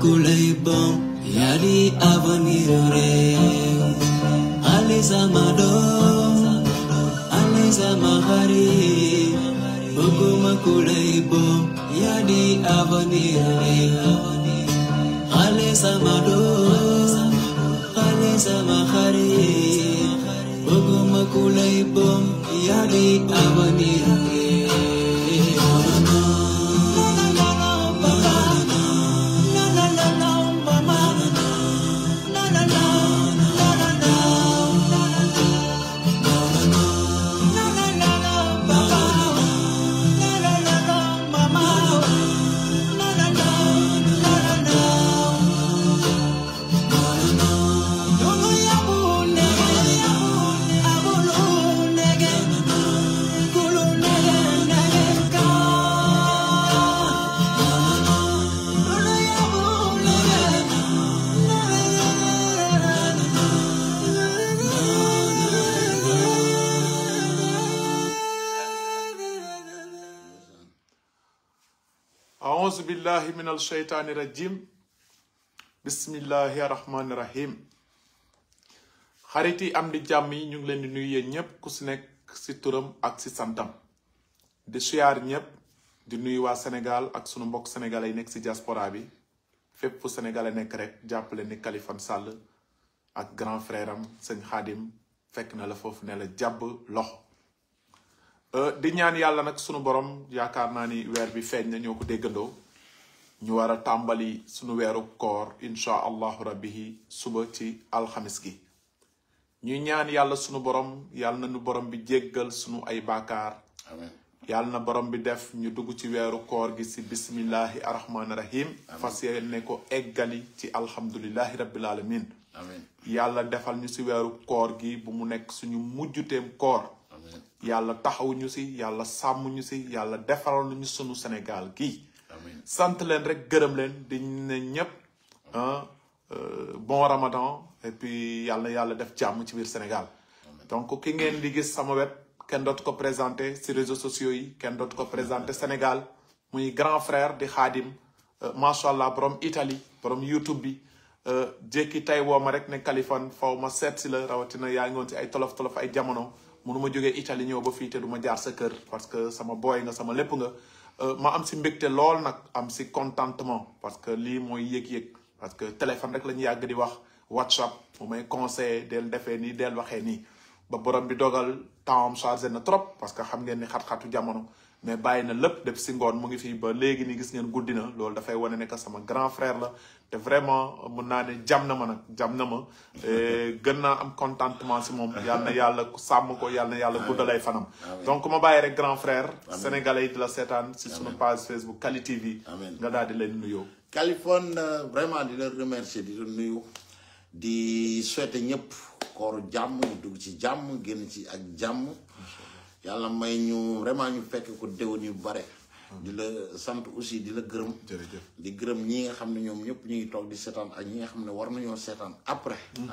kulay bang yari avanirure aliza mado aliza mahari bogoma kulay bang yari avanirure aliza mado aliza mahari bogoma kulay bang yari avanirure billahi minal shaitani rajim bismillahi rahmani rahim am di jàmm yi ñu ngi leen di nuyu yeen ñépp ku si nekk si turam ak si santam di suyaar ñépp di nuyu waa Sénégal ak sunu mbokk sénégalais yi nekk si diaspora bi fépp fu sénégalais nekk rek jàppale ni Kalifone Sall ak grand frère am sëñ Xaadim fekk na la foofu ne la jàbb loxo euh, di ñaan yàlla nag sunu borom yaakaar naa ni weer bi feeñ na ñoo ko ñu war a tàmbali sunu weeru koor incha allahu rabbi suba ci alxamis gi ñuy ñaan yàlla suñu borom yàlla na nu borom bi jéggal suñu ay baakaar amiin yàlla na borom bi def ñu dugg ci weeru koor gi si bismillahi arrahmaani rahim fas yéene ko eggali ci alhamdulillahi rabbil alamin yàlla defal ñu si weeru koor gi bu mu nekk suñu mujjuteem koor yàlla taxawuñu ñu si yàlla sàmm ñu si yàlla defaral ñu suñu senegal gi sant leen rek gërëm leen di ne ñëpp ah, euh, bon ramadan et puis yàlla yàlla def jàmm ci biir Sénégal donc ki ngeen di gis sama wet kenn dootu ko présenté si réseaux sociaux yi kenn dootu ko présenté Sénégal muy grand frère di xaadim euh, macha allah borom Italie borom YouTube bi euh, jékki tay woo ma rek ne Kaliphone faw ma seet si la rawatina yaa ngi woon si ay tolof tolof ay jamono mënu ma jógee Italie ñëw ba fii te du ma jaar sa kër parce que sama boy nga sama lépp nga. Euh, ma am si mbégte lool nag am si contentement parce que lii mooy yëg-yëg parce que téléphone rek la ñuy yàgg di wax whatsapp mu may conseillé del defee nii del waxee nii ba borom bi dogal temps am chargé na trop parce que xam ngeen ni xat-xatu jamono mais bàyyi na lépp def si ngoon mu ngi fii ba léegi ni gis ngeen guddi na loolu dafay wane ne sama grand frère la te vraiment mun naa ne jam na ma nag jam na ma gën naa am contentement si moom yàlla na yàlla sàmm ko yàlla na yàlla guddalay fanam donc ma bàyyi rek grand frère sénégalais yi di la seetaan si sunu page Facebook Kali TV nga daal di leen nuyoo Kaliphone euh, vraiment di la remercier di la nuyu di souhaiter ñëpp kooru jàmm dugg ci jàmm génn ci ak jàmm yalla may ñu vraiment ñu fekk ko déwén yu bare. di la sante aussi di la gërëm. di gërëm ñi nga xamne ñom ñep ñi ngi tok di setan ak ñi nga xamne war nañu seetaan après. Hmm.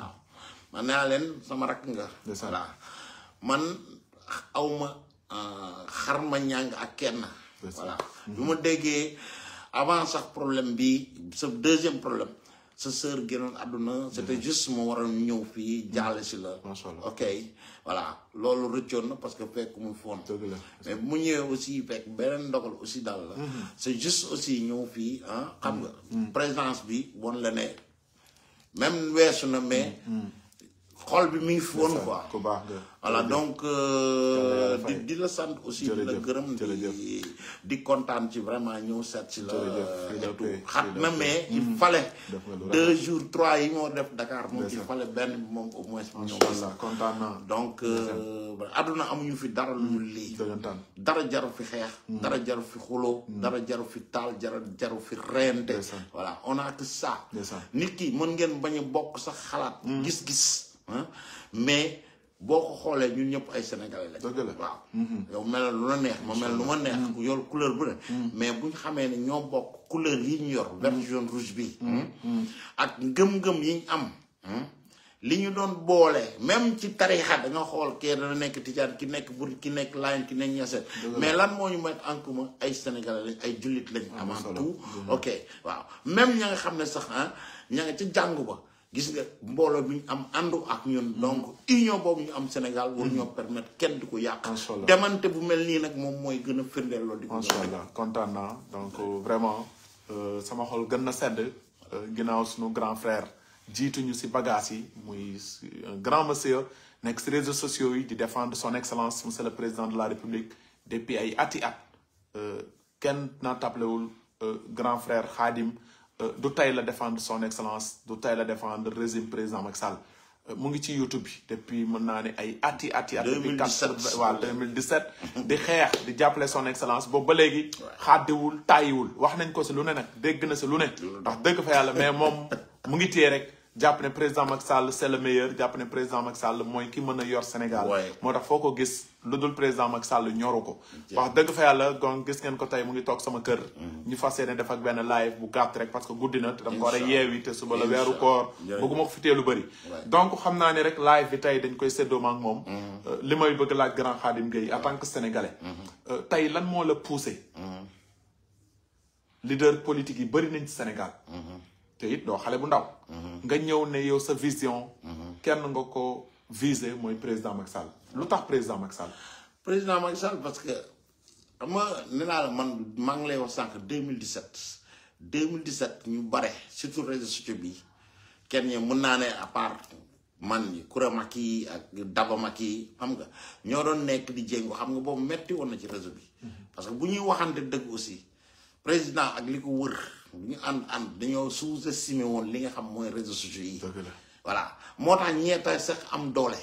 man na len sama rak nga. voilà man awma euh, xarma ñang ak kenn. voilà hmm. bu avant sax problème bi ce deuxième problème. sa sœur génnoon àdduna. c'était juste ma waroon ñëw fii voilà loolu rëccoon na parce que fekk mu fon mais mu ñëwee aussi fekk beneen ndogal aussi daal la mhm. c'est juste aussi ñëw fii ah xam nga mhm. présence bi woon la ne même weesu na mais mhm. xol bi mi ngi fi woon quoi baax voilà donc euh, di di la sant aussi di la gërëm di di kontaan ci vraiment ñëw seet si la euh, xat na mais il mm-hmm. fallait deux jours trois yi moo def Dakar moom il fallait benn bi moom au moins mu ñëw kontaan naa donc euh, àdduna amuñu fi dara lu lii dara jaru fi xeex mm. dara fi xuloo mm. dara jaru fi taal jaru jaru fi reyante voilà on a que ça nit ki mën ngeen bañu bokk sax xalaat mm. gis-gis mais boo ko xoolee ñu ñëpp ay sénégalais lañ. dëgg la waaw. Mhm. yow melal lu la neex ma mel lu ma neex. ku mhm. yor couleur bu ne. Mhm. mais bu ñu xamee ne ñoo bokk couleur yi ñu yor. vert jaune rouge bi. Hmm? ak ngëm-ngëm yi am. Hmm? li ñu doon boole même ci tarixa da nga xool kii dana nekk tijaan ki nekk bur ki nekk laayeen ki nekk ñaseen mais lan moo ñu mettre en commun ay sénégalais ay jullit lañ. avant tout ok waaw même ña nga xam ne sax ah ña nga ca jàngu ba. gis nga mbolo bi am andu ak ñun. donc union bobu ñu am Sénégal. wu ñu mm-hmm. permettre kenn du ko yàq. demante bu mel nii nag moom mooy gën a firndeel di ko macha allah kontaan donc euh, vraiment euh, sama xol gën na sedd. Euh, ginnaaw suñu grand frère ñu si bagage yi muy grand monsieur nekk si réseaux sociaux yi di défendre son excellence monsieur le président de la république depuis ay ati at euh, kenn naa tablewul grand frère Khadim. Euh, du tay la défendre son excellence du tay la défendre régime président Maxal? Sall euh, YouTube depuis mon année ay ati à 2017 wa 2017 di son excellence bo ba qui xadiwul tayiwul wax nañ ko ci lu ne na lu ne ndax mais président Macky c'est le meilleur japonais ne président Macky Sall qui ki Sénégal lu dul président Macky Sall ñoru ko. wax dëgg fa yàlla donc gis ngeen ko tey mu ngi toog sama kër. Mm. ñu fas yéene def ak benn live bu gàtt rek parce que guddi na. te dama ko war a yeewi te suba la weeru koor. bëgguma ko fi tee lu bari donc xam naa ne rek live bi tey dañ koy seddoo ma moom. Mm. Euh, li may bëgg laaj grand Khadim Gueye en tant que sénégalais. Mm-hmm. Euh, tey lan moo la poussé. Mm-hmm. leader politique yi bëri nañ ci Sénégal. Mm-hmm. te it doo xale bu ndaw. nga ñëw ne yow sa vision. kenn nga ko. visé mooy président Macky Sall lu tax président Macky Sall. président Macky Sall parce que xam nga nee la man maa ngi lay wax sànq 2017 2017 ñu bare surtout réseaux sociaux bi kenn ñi mun naa ne à part man yi Koura Macky ak Daba Macky xam nga ñoo doon nekk di jéngu xam nga boobu metti woon na ci réseau bi. parce que bu ñuy waxante dëgg aussi président ak li ko wër bu ñu ànd ànd dañoo sous-estimé woon li nga xam mooy réseaux sociaux yi. voilà moo tax ñeeta sax am doole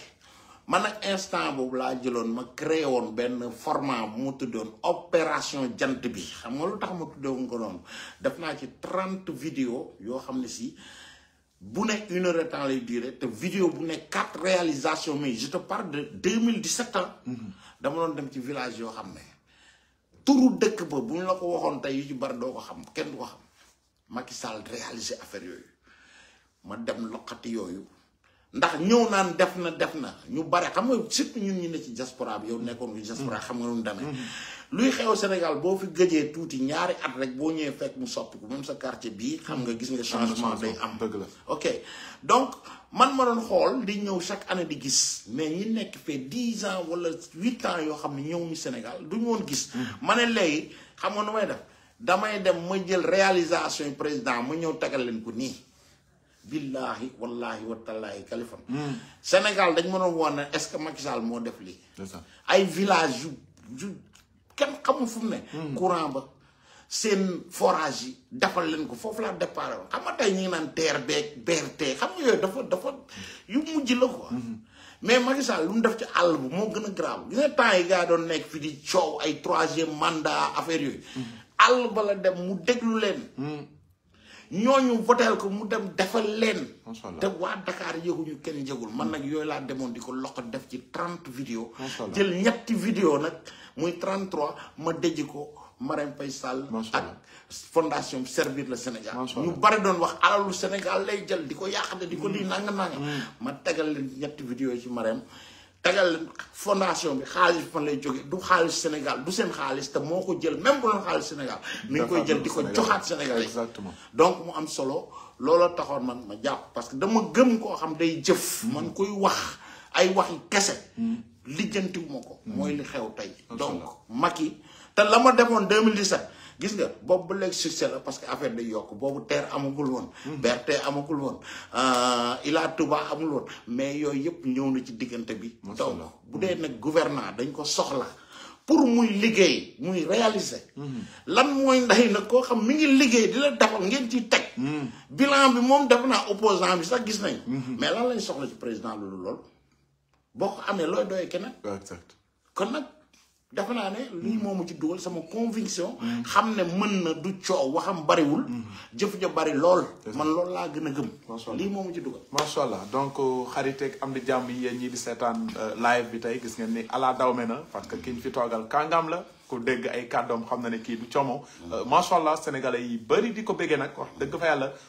man a instant boobu laa jëloon ma créé woon benn format bu mu tuddoon opération jant bi xam nga lu tax ma tuddoon ko noonu def naa ci trente vidéo yoo xam ne si bu ne une heure de temps te vidéo bu ne quatre réalisations mais je te parle de 2017 mhm. dama doon dem ci village yoo xam ne turu dëkk ba bu ñu la ko waxoon tey yu ci bari doo ko xam kenn du ko xam Macky Sall réalisé affaire yooyu ma dem loqati yooyu ndax ñëw naan def na def na ñu bare xam nga surtout ñun ñu ne ci diaspora bi yow nekkoon ci diaspora xam nga nu mu demee. Mm-hmm. luy xew Sénégal boo fi gëjee tuuti ñaari at rek boo ñëwee fekk mu ko même sa quartier bii xam nga gis nga changement day am. dëgg la ok donc man ma doon xool di ñëw chaque année di gis mais ñi nekk fee dix ans wala huit ans yoo xam ne ñëw ñu Sénégal du ñu woon gis. Mm-hmm. ma ne léegi xam nga nu may def damay dem ma jël réalisation président ma ñëw tegal leen ko nii. billaahi wallaahi watallaahi kalifam hmm. Sénégal dañ mënoon woon ne est-ce que Macky Sall moo def lii ay village yu yu kenn xamul fu mu ne hmm. courant ba seen forage yi dafa leen ko foofu laa départ woon nga tey ñu ngi naan TER beeg BRT xam nga yooyu dafa dafa yu mujj la quoi hmm. mais Macky Sall lu mu def ci àll bu moo gën a grave gis nga temps yi gaa doon nekk fi di coow ay troisième mandat affaire yooyu àll ba la dem mu déglu leen ñooñu voteel ko mu dem defal leen te waa Dakar yëguñu kenn yëgul man nag yooyu laa demoon di ko loxo def ci trente vidéo jël ñetti vidéo nag muy trente trois ma dej ko Marème Faye Sall ak fondation servir le Sénégal ñu bari doon wax alalu Sénégal lay jël di ko yàqate di ko lii mm. nanga nanga mm. ma tegal leen ñetti vidéo ci Marème tagal leen fondation bi xaalis bi fan lay jógee du xaalis Sénégal du seen xaalis te moo ko jël même bu doon xaalis Sénégal. mi ngi koy jël di ko joxaat Sénégal exactement donc mu am solo looloo taxoon man ma jàpp parce que dama gëm koo xam day jëf. Hmm. man koy wax ay waxi kese. Hmm. lijjantiwuma ko. mooy hmm. li xew tey. donc mag yi te la ma demoon 2017. gis nga boobu ba léegi succès la parce que affaire day yokk boobu teer amagul woon. Hmm. BRT amagul woon euh, Ila Touba amul woon mais yooyu yëpp ñëw na ci diggante bi. mu taw donc bu hmm. dee nag gouvernant dañ ko soxla. pour muy liggéey muy réaliser. Hmm. lan mooy ndax nag koo xam mu ngi liggéey di la defal ngeen ciy teg. bilan bi moom def naa opposant bi sax gis nañ mais lan lañ soxla ci président loolu lool boo ko amee looy doyee keneen. kon nag. dafa na né li momu ci dool sama conviction xamné mën na du coow waxam wul jëf ja bari lool man lool la gëna gëm li momu ci ma sha allah donc euh, xarité ak am di jàmm yi ñi di seetaan euh, live bi tay gis ngeen ni ala dawme na parce que kiñ fi toogal kàngam la ku dégg ay kàddoom xamna né ki du chomo euh, ma sha allah sénégalais yi bari di ko béggee nag wax dëgg fa yalla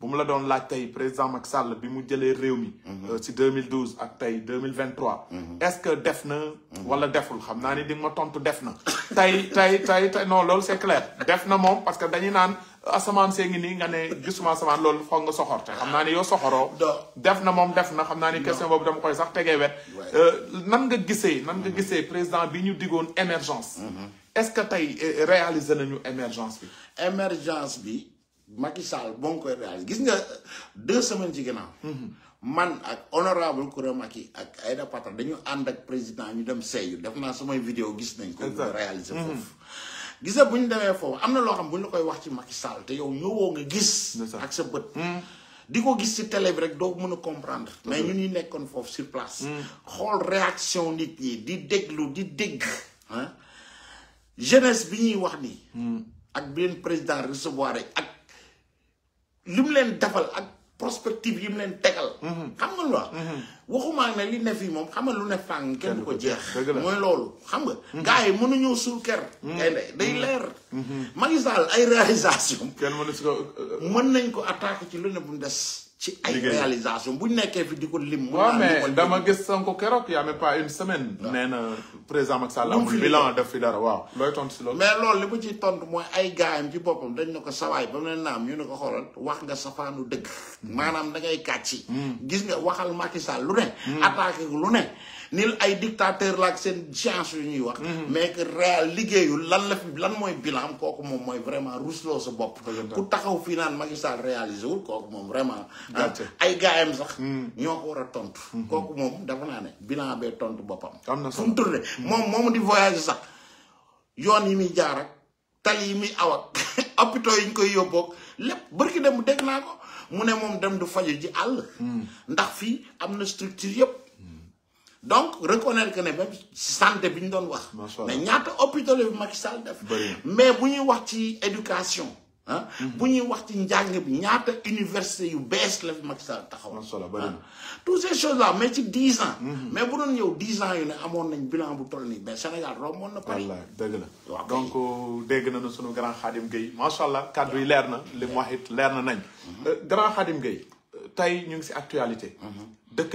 bu la doon la tey président Maxal Sall bi mu jëlee réew mhm. euh, ci 2012 ak tey 2023. Mhm. est-ce que def na. Mhm. wala deful xam naa ni di nga ma tontu def na. non lol c'est clair def na parce que dañuy naan asamaan see ni nii nga ne gisuma asamaan loolu foog nga soxorte xam naa ni yow soxoroo. def na moom def ni question boobu dama koy sax tegee wet. Euh, nan nga gisee nan nga président bi ñu émergence. est-ce que tey euh, réaliser nañu émergence bi. émergence bi. Macky Sall boo ngi koy réalisé gis nga deux semaines ci ginnaaw. Mm-hmm. man ak honorable Koura Macky ak Aïda Patra dañu ànd ak président ñu dem seeyu def naa samay vidéo gis nañ ko. réalisé mm-hmm. foofu. gis nga bu ñu demee foofu am na loo xam bu ñu la koy wax ci Macky Sall te yow ñëwoo nga gis. ak sa bët. Mm-hmm. di ko gis ci télé rek doo mën a comprendre. mais ñun ñu nekkoon foofu sur place. xool réaction nit ñi di déglu di dégg. jeunesse bi ñuy wax ni. ak bi leen président recevoir rek ak. li mu leen defal ak prospective yi mu leen tegal. Mhm. xam nga lu ma. Mhm. waxumaa ne li ne fii moom xam nga lu ne fàng kenn du ko jeex. mooy loolu xam nga. Mhm. gars yi mënuñoo suul ker. gaynde day leer. Macky Sall ay réalisation. kenn mënu si ko. Euh, mën nañ ko attaqué ci lu ne bu mu des. ci ay réalisation bu nekkee fi di ko lim. waaw mais dama gis Sonko keroog y' a même pas une semaine. néna présent président Macky Sall amul bilan def fi dara waaw. looy tontu si loolu. mais loolu li mu ciy tontu mooy ay gaayam ci boppam dañ nako ko bam len nam ñu ne xoral wax nga safaanu deug hmm. manam da ngay katchi hmm. gis nga waxal Macky Sall lu ne. Hmm. attaqué lu né nil ay dictateur laak seen chance yu ñuy wax mhm. mais que réel liggéeyul lan la fi lan mooy bilan kooku moom mooy vraiment rusloo sa bopp ku taxaw fii naan Macky Sall réalisé wul kooku moom vraiment ay gaayam sax mhm. ñoo ko war a tontu mhm. kooku moom dafa naa ne bilan bee tontu boppam fu mu tourné moom moomu di voyage sax yoon yi muy jaar ak yi muy aw ak hôpitaux yi ñu koy yóbboog lépp bërki dem dégg naa ko mu ne moom dem du faju ji àll ndax fii am na structure yëpp donc reconnaître que ne même santé bi ñu mais ñaata hôpital bi Macky Sall def. mais bu wax ci éducation. hein bu wax ci njàng bi ñaata université yu bees la fi Macky Sall taxawal. Ah. toutes ces choses là mais ci 10 ans. Mhm. mais bu doon yow 10 ans yu bilan bu toll ni, mais Sénégal romone na Paris. donc euh, dégg nañu suñu grand Khadim Gueye sha allah cadre yi li mhm. euh, grand Khadim Gueye euh, tay ñu actualité. dëkk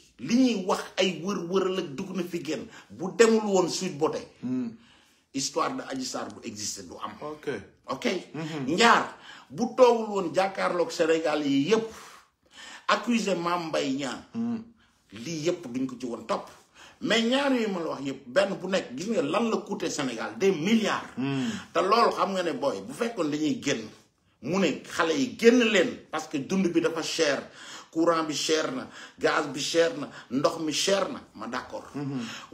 li ñuy wax ay wër wëral ak dugg na fi génn bu demul woon Sweet Beauté hmm. histoire de Adji bu du du am ok ok ñaar hmm. bu toogul woon jàkkaarlook Sénégal yi yëpp accusé Mame mbay Niang hmm. lii yëpp duñ ko ci woon topp mais ñaar yooyu ma la wax yëpp benn bu nekk gis nga lan la coûté Sénégal de milliards. te loolu xam nga ne booy bu fekkoon dañuy génn mu ne xale yi génn leen parce que dund bi dafa cher. courant bi cher na gaz bi cher na ndox mi cher na ma d'accord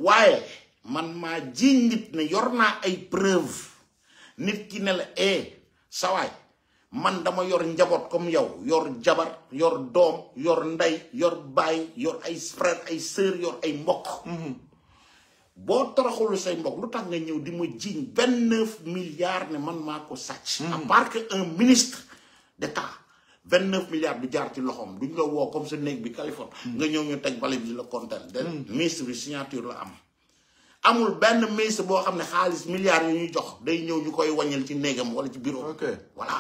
waaye man maa jiiñ nit ne yor naa ay preuve nit ki ne la e eh, sawaay man dama yor njaboot comme yow yor jabar yor doom yor ndey yor baay yor ay frère ay sœur yor ay mbokk mhm. boo toroxalu say mbokk lu tax nga ñëw di ma jiiñ vingt-neuf milliards ne man maa ko sàcc mhm. à part que ministre d'état vingt neuf milliards du jaar ci loxoom duñ la woo comme sa néeg bi Californie. Hmm. nga ñëw ñu teg bale bi la kontaan. Hmm. de ministre bi signature la am. amul benn ministre boo xam ne xaalis milliards yu ñuy jox day ñëw ñu koy wàññil ci néegam wala ci bureau. ok voilà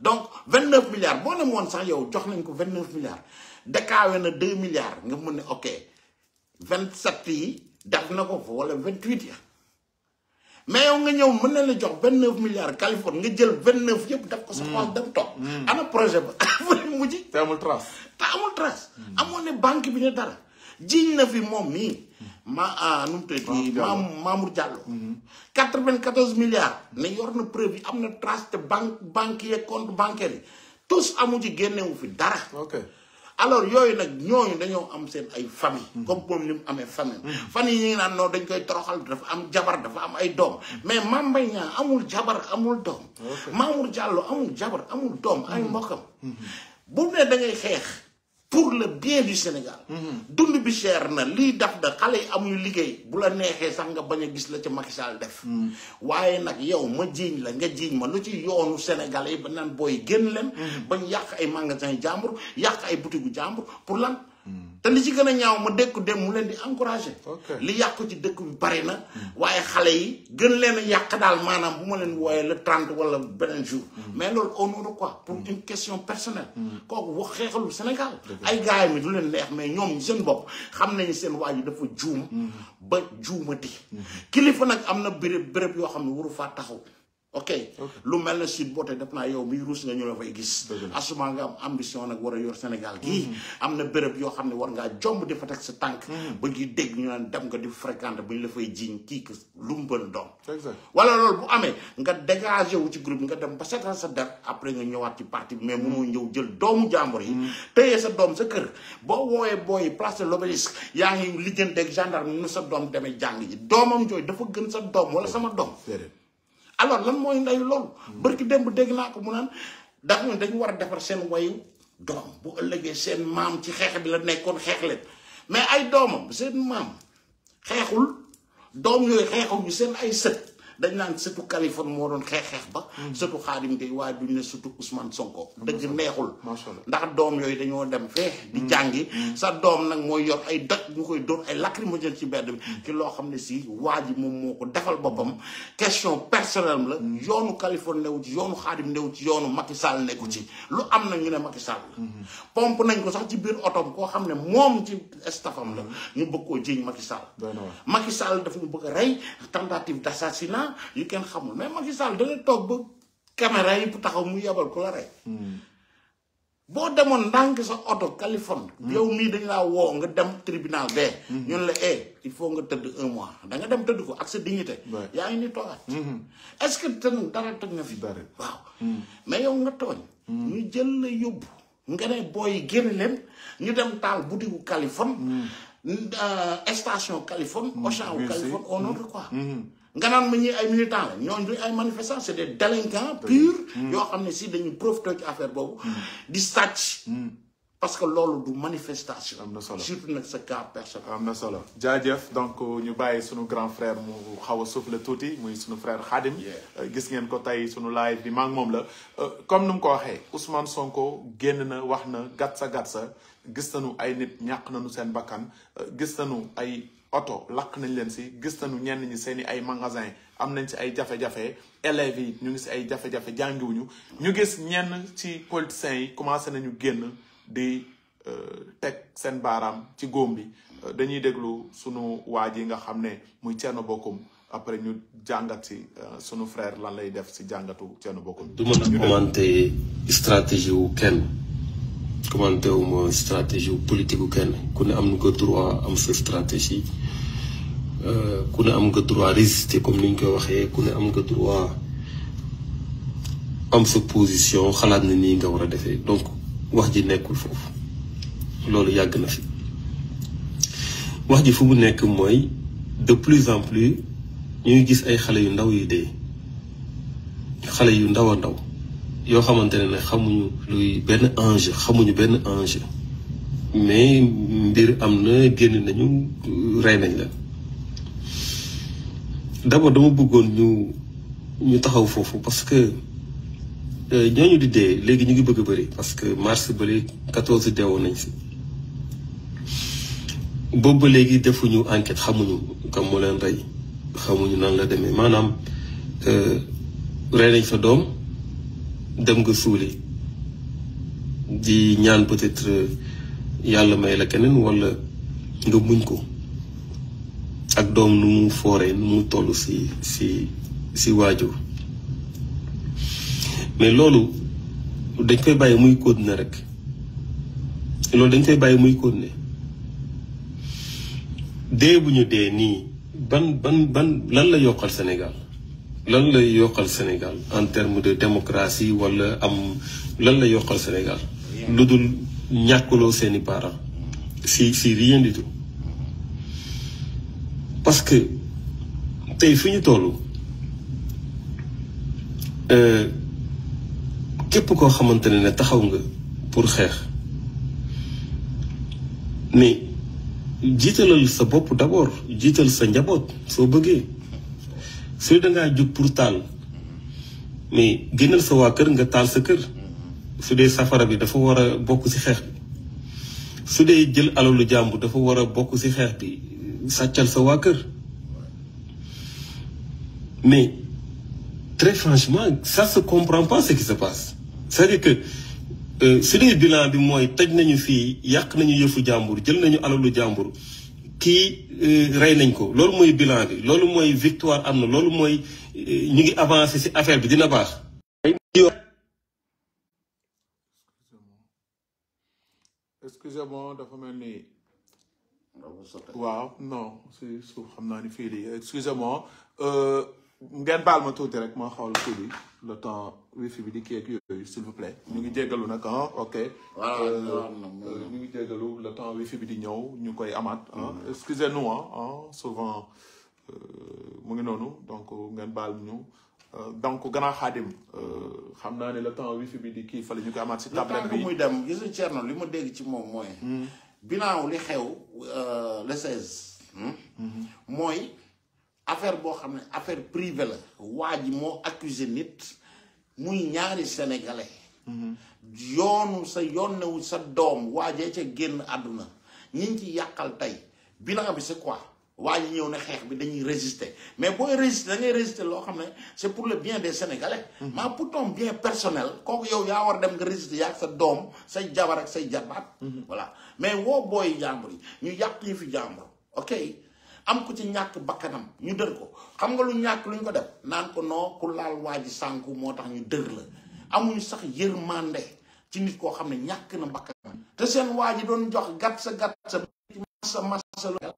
donc vingt neuf milliards boo dem woon sax yow jox nañ ko vingt neuf milliards. dekaawe na deux milliards nga mën ne ok vingt sept yi def na ko fa wala vingt huit ya mais yow nga ñëw mën na la jox vingt neuf milliards Californie nga jël vingt neuf yëpp daf ko sa poche mm. dem toog. Mm. ana projet ba affaire yi mujj. te amul trace te amul trace. Mm. amoon ne banque bi ne dara jiñ na fi moom mii. ma ah nu mu tuddati Maam Mamour Diallo. Mm-hmm. quatre vingt quatorze milliards. ne yor na preuve yi am na trace te banque banque yeeg compte bancaire yi tous amu ci génnewu fi dara. alors yooyu nag ñooñu dañoo am seen ay famille mm-hmm. comme moom ni mu amee famille mm-hmm. fan yi ñu naan noonu dañ koy toroxal dafa am jabar dafa am ay doom mm-hmm. mais Mame Mbaye Niang amul jabar amul doom Mamour Diallo amul jabar amul doom ay mbokkam bu ne da xeex pour la bien yu Sénégal. dund bi cher na lii daf da xale yi amuñu liggéey bu la neexee sax nga bañ a gis la ca Macky def. waaye nag yow ma jiiñ la nga jiiñ ma lu ci yoonu Sénégalais yi ba naan booy génn leen. Mhm. bañ yàq ay magasin jàmbur yàq ay butigu jàmbur pour lan. te li ci gën a ñaaw ma dékku dem mu leen di encouragé. li yàqu ci dëkk bi bari na. waaye xale yi gën leen a yàq daal maanaam bu ma leen wooyee le trente wala beneen jour. mais loolu au nom de pour une question personnelle. kooku wax xeexalu Sénégal. ay gars mi du leen neex mais ñoom seen bopp xam nañu seen waa ji dafa juum. Mm. ba juumati. kilifa nag am na béréb béréb yoo xam ne waru faa taxaw. ok lu mel ne sud boo tey def naa yow miy ruus nga ñu la fay gis asuma nga am ambition nag war a yor Sénégal gii mhm. am na bërëb yoo xam ne war ngaa jomb di fa teg sa tànk mhm. ba dégg ñu naan dem nga di fréquenter bu ñu la fay jiiñ kii que lumbal doom wala bu amee nga dégagé wu ci groupe nga dem ba seetal sa der après nga ñëwaat ci parti bi mais mhm. mënoo ñëw jël doomu jàmbur yi téye sa doom sa kër boo woowee booy place de l'Obélisque yaa ngi lijjanteeg gendarme nu sa doom demee jàng ji doomam jooy dafa gën sa doom wala sama doom alors lan mooy ndayu loolu. dem bu dégg naa ko mu naan ndax ñun dañu war a defar seen wayu doom bu ëllëgee seen maam ci xeex bi la nekkoon xeex leen mais ay doomam seen maam xeexul doom yooyu xeexuñu seen ay sët. dañ naan surtout Californie moo doon xeex xeex ba. Mm-hmm. surtout Xaadim Gueye waaye duñ ne surtout Ousmane Sonko. Mm-hmm. dëgg neexul. ndax doom yooyu dañoo dem fee. di mm-hmm. jàngi sa doom nag mooy yor ay doj ñu koy dóor ay lacrymogène ci mbedd bi ci loo xam ne si waa ji moom moo ko defal boppam question personnelle la. yoonu Californie newu ci yoonu Xaadim newu ci yoonu Macky Sall nekku ci lu am na ñu ne Macky Sall la. pompe nañ ko sax ci biir otoom koo xam ne moom ci stafam la ñu bëgg koo jiiñ Macky Sall. Macky Sall daf ñu bëgg a ah yu kenn xamul mais Macky Sall toog ba caméra yi taxaw mu yebal ku la rey. Hmm. boo demoon ndànk sa oto Californie. Hmm. yow mii dañ laa woo nga dem tribunal bee. Hmm. ñun la eh il faut nga tëdd un mois da dem tëdd ko ak sa dignité. yaa ngi ni toogaat. est-ce que tën dara toj fi. mais yow nga tooñ. yóbbu. nga ne booy dem taal boutique Californie. Euh, station Californie. nga naan ma ñuy ay militants la ñooñu duñ ay manifestants c'est des délinquants purs. Mm. yoo xam ne si dañu profité ci affaire boobu. Mm. di sàcc. Mm. parce que loolu du manifestation. am na solo surtout nag sa cas personnel. am na solo jaajëf donc ñu bàyyi sunu grand frère mu xaw a souffle tuuti muy sunu frère Khadim. Euh, gis ngeen ko tey sunu laay bi maa moom la. Euh, comme nu mu ko waxee Ousmane Sonko génn na wax na gatsa gatsa gis nañu ay nit ñàq nañu seen bakkan euh, gis nañu ay. oto lakk nañ leen si gis nañu ñenn ñi seen i ay magasin am nañ si ay jafe-jafe élèves yi ñu ngi si ay jafe-jafe jàngiwuñu ñu gis ñenn ci politiciens yi commencé nañu génn di euh, teg seen baaraam ci góom bi euh, dañuy déglu sunu waa ji nga xam ne muy Thierno Bocoum après ñu jàngat si euh, sunu frère lan lay def si jàngatu Thierno Bocoum. du mën a commenter wu kenn commenter wu ma stratégie wu kenn ku ne am na ko droit am sa stratégie. Euh, ku ne am nga droit résister comme ni ñu koy waxee ku ne am nga droit am sa position xalaat na nii nga war a defee donc wax ji nekkul foofu loolu yàgg na fi wax ji fu mu nekk mooy de plus en plus ñuy gis ay xale yu ndaw yi de xale yu ndaw a ndaw yoo xamante ne xamuñu luy benn enjeu xamuñu benn enjeu mais mbir am na génn nañu rey nañ la d'abord dama bëggoon ñu ñu taxaw foofu parce que euh, ñooñu di dee léegi ñu ngi bëgg a bëri parce que mars bële quatorze deewoon nañ si boobu ba léegi defuñu enquête xamuñu kam moo leen rey xamuñu nan la demee maanaam euh, rey nañ sa doom dem nga suuli di ñaan peut-être euh, yàlla may la keneen walla nga muñ ko ak doom nu mu fooree nu mu toll si si si waajur mais loolu dañ koy bàyyi muy continuer rek loolu dañ koy bàyyi muy ne dee bu ñu dee nii ban ban ban lan la yokkal Sénégal lan la yokkal Sénégal en terme de démocratie walla am lan la yokkal Sénégal lu dul ñàkkuloo seeni parents si si rien parce que tey fi ñu toll euh, képp koo xamante ne ne taxaw nga pour xeex ni jiitalal sa bopp d'abord jiital sa njaboot soo bëggee su dangaa jug pour taal mais génnal sa waa kër nga taal sa kër su dee safara bi dafa war a bokk si xeex bi su dee jël alalu jàmbur dafa war a bokk si xeex bi sàccal sa waa kër mais très franchement ça se comprend pas ce qui se passe c'est-à-dire que euh, su dee bilan bi moy tej nañu fi yak nañu yefu jambour jël nañu alalu jàmbur kii euh, ray nañ ko loolu moy bilan bi loolu moy victoire amna na moy mooy euh, ñu ngi avancé ci affaire bi dina baax excusez-moi dafa mel ni waaw non c'est je excusez-moi euh, ngeen ma le temps wifi bi di s'il vous plaît. ñu ngi ok. ñu ngi le temps wifi bi di ñu koy ah. mm-hmm. excusez-nous ah, ah, souvent euh, mu ngi donc ngeen ñu. Euh, donc gannaaw euh xamna ni le temps wifi bi di ki fallait ñu vous tablette binaaw li xew euh, le 16. Hmm? Mm-hmm. mooy affaire boo xam ne affaire privée la. waa ji moo accusé nit muy ñaari sénégale mm-hmm. yoonu sa yonnewu sa doom waajee ca génn àdduna ñi ci yàqal tey bilan bi c'est quoi. waa ji ñëw ne xeex bi dañuy résister mais booy résister da ngay résister loo xam ne c' pour le bien des sénégalais. Mm-hmm. mais pour ton bien personnel kooku yow yaa war dem nga résister yaa ak sa doom say jabar ak say jarbaat. Mm-hmm. voilà mais woo booy jàmbur yi ñu yàq yi fi jàmbur ok am ko ci ñàkk bakkanam ñu dër ko xam nga lu ñàkk luñ ko def naan ko noo ku laal waa ji sànku moo tax ñu dër la amuñu sax yërmande ci nit koo xam ne ñàkk na bakkanam te seen waa ji doon jox gat sa gat sa massa massa la.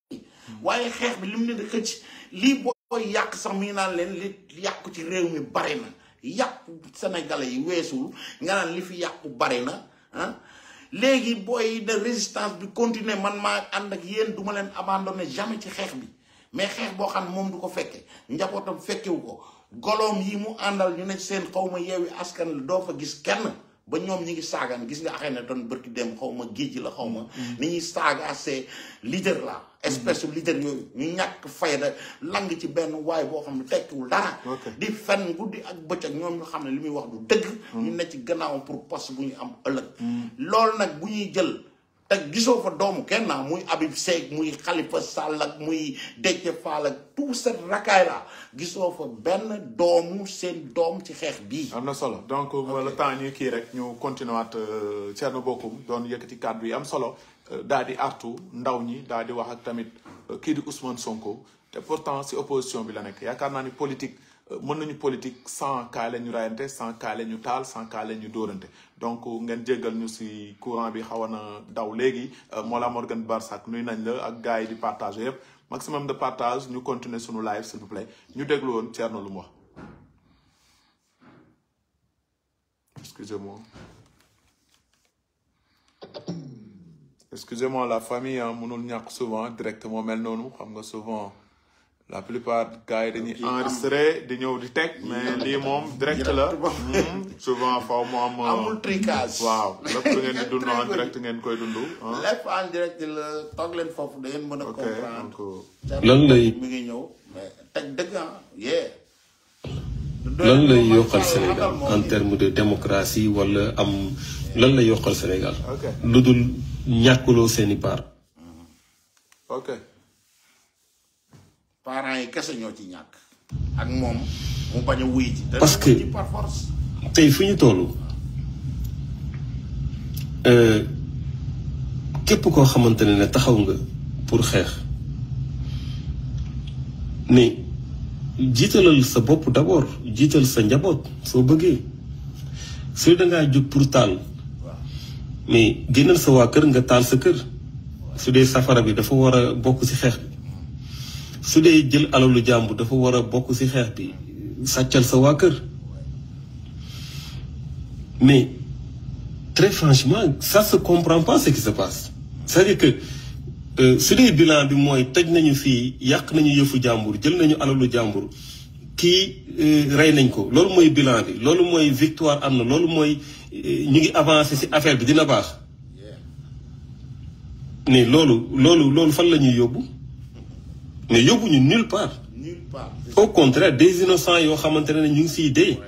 waaye xeex bi li mu ne di xëcc lii booy yàq sax mi naan leen li yàqu ci réew mi bari na yàqu sénégalais yi weesul nga naan li fi yàqu bari na ah. léegi booy de résistance bi continuer man maa ànd ak yéen duma leen abandonné jamais ci xeex bi mais xeex boo xam moom du ko fekke njabootam fekkewu ko goloom yi mu àndal ñu ne seen ma yeewi askan doo ko gis kenn ba ñoom ñu ngi saagaan gis nga axee ne doon bërki dem xaw ma géej la xaw ma mm-hmm. ni ñuy saaga ces mm-hmm. leader la espèce leader yooyu ñu ñàkk fayda lang ci benn waay boo xam ne tekkiwul dara di fenn guddi ak bëccëg ñoom ñu xam ne li muy wax du dëgg mm-hmm. ñu ne ci gannaawam pour post bu ñu am ëllëg loolu nag bu ñuy jël gisoo fa doomu kenn naa muy abi Seck muy Khalifa Sall ak muy Déthié Fall ak tout ce racaille là gisoo fa benn doomu seen doom ci xeex bii. am na solo donc euh, le temps ñuy kii rek ñu continuer euh, Thierno Bocoum doon yëkkati kàddu yi am solo euh, daal di artu ndaw ñi daal di wax ak tamit kii di Ousmane Sonko te pourtant si opposition bi la nekk yaakaar naa ni politique. mën nañu politique sans kaale ñu rayante sans kaale ñu taal sans kaale ñu dóorante donc ngeen jéggal ñu si courant bi xaw na daw léegi euh, mola Morgan Barsak nous nañ la ak gars yi di partage maximum de partage ñu continuer nos live s'il vous plaît Nous déglu woon Thierno lu excusez-moi excusez-moi la famille Nous hein, ñàkk souvent directement mel noonu xam nga souvent la plupart gars yi dañuy enregistré di ñëw di teg mais lii moom direct la hmm, souvent faw mu am euh, ngeen koy dund lépp en direct mën a comprendre lan lay mi ngi ñëw mais teg dëgg ah yokkal Sénégal en terme de démocratie wala am lan lay yokkal Sénégal lu dul ñàkkuloo seeni part parents yi kese ñoo ci ñàkk ak moom mu bañ a parce que par tey fu ñu toll euh, képp koo xamante ne ne taxaw nga pour xeex ni jiitalal sa bopp d'abord jiital sa njaboot soo bëggee su dangaa jóg pour taal mais génnal sa waa kër nga taal sa kër su dee safara bi dafa war a bokk si xeex bi su dee jël alalu jàmbur dafa war a bokk ci xeex bi sàccal sa waa kër mais très franchement ça se comprend pas ce qui se passe c'est-à-dire que euh, su dee bilan bi mooy tëj nañu fii yàq nañu yëfu jàmbur jël nañu alalu jàmbur kii euh, rey nañ ko loolu mooy bilan bi loolu mooy victoire am na loolu mooy euh, ñu ngi avancer ci affaire bi dina baax mais loolu loolu loolu fan la ñuy yóbbu ne sont nulle part. au contraire des innocents yo xamantene ñu ngi ci dé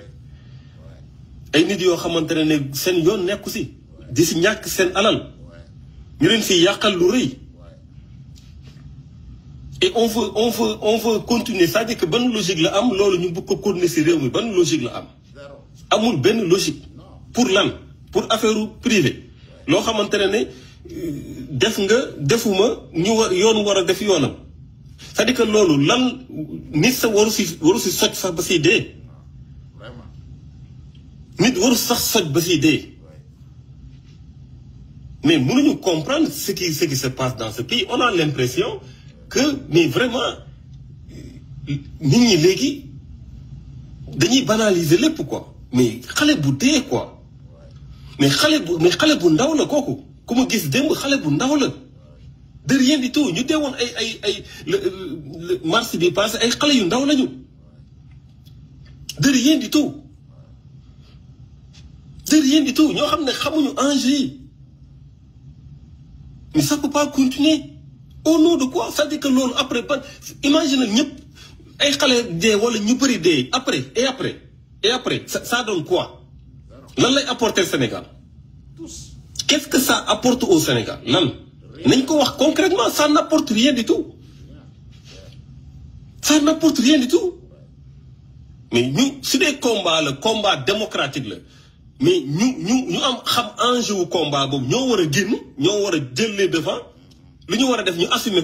ay nit yo xamantene sen yoon nekku ci di alal ñu et on veut on veut on veut continuer ça. dit que bonne logique la am Nous ñu bëgg ko continuer logique la am amul ben logique pour lan pour affaire privée lo xamantene ne euh, def nga defuma ñu yoon cest dit que loolu lan nit sa waru si waru si soj sax ba siy dee nit waru sax soj ba siy dee mais mënuñu comprendre ce qui ce qui se passe dans ce pays on a l'impression que mais vraiment nit ñi léegi dañuy banaliser lépp quoi mais xale bu dee quoi mais xale bu mais xale bu ndaw la kooku ku gis démb xale bu ndaw la de rien du tout nous devons le mars bi passé ay d'ailleurs nous. de rien du tout de rien du tout nous avons un xamuñu enjeu mais ça ne peut pas continuer au nom de quoi Ça dit que l'on après pas. imagine ñëpp ay xale nous wala après et après et après ça donne quoi lan lay au Sénégal qu'est-ce que ça apporte au Sénégal mais concrètement ça n'apporte rien du tout ça n'apporte rien du tout mais nous, c'est des combats, le combat démocratique nous mais ñu ñu am xam enjeu au combat Nous ñoo nous a ñoo devant Nous ñu war def ñu assumer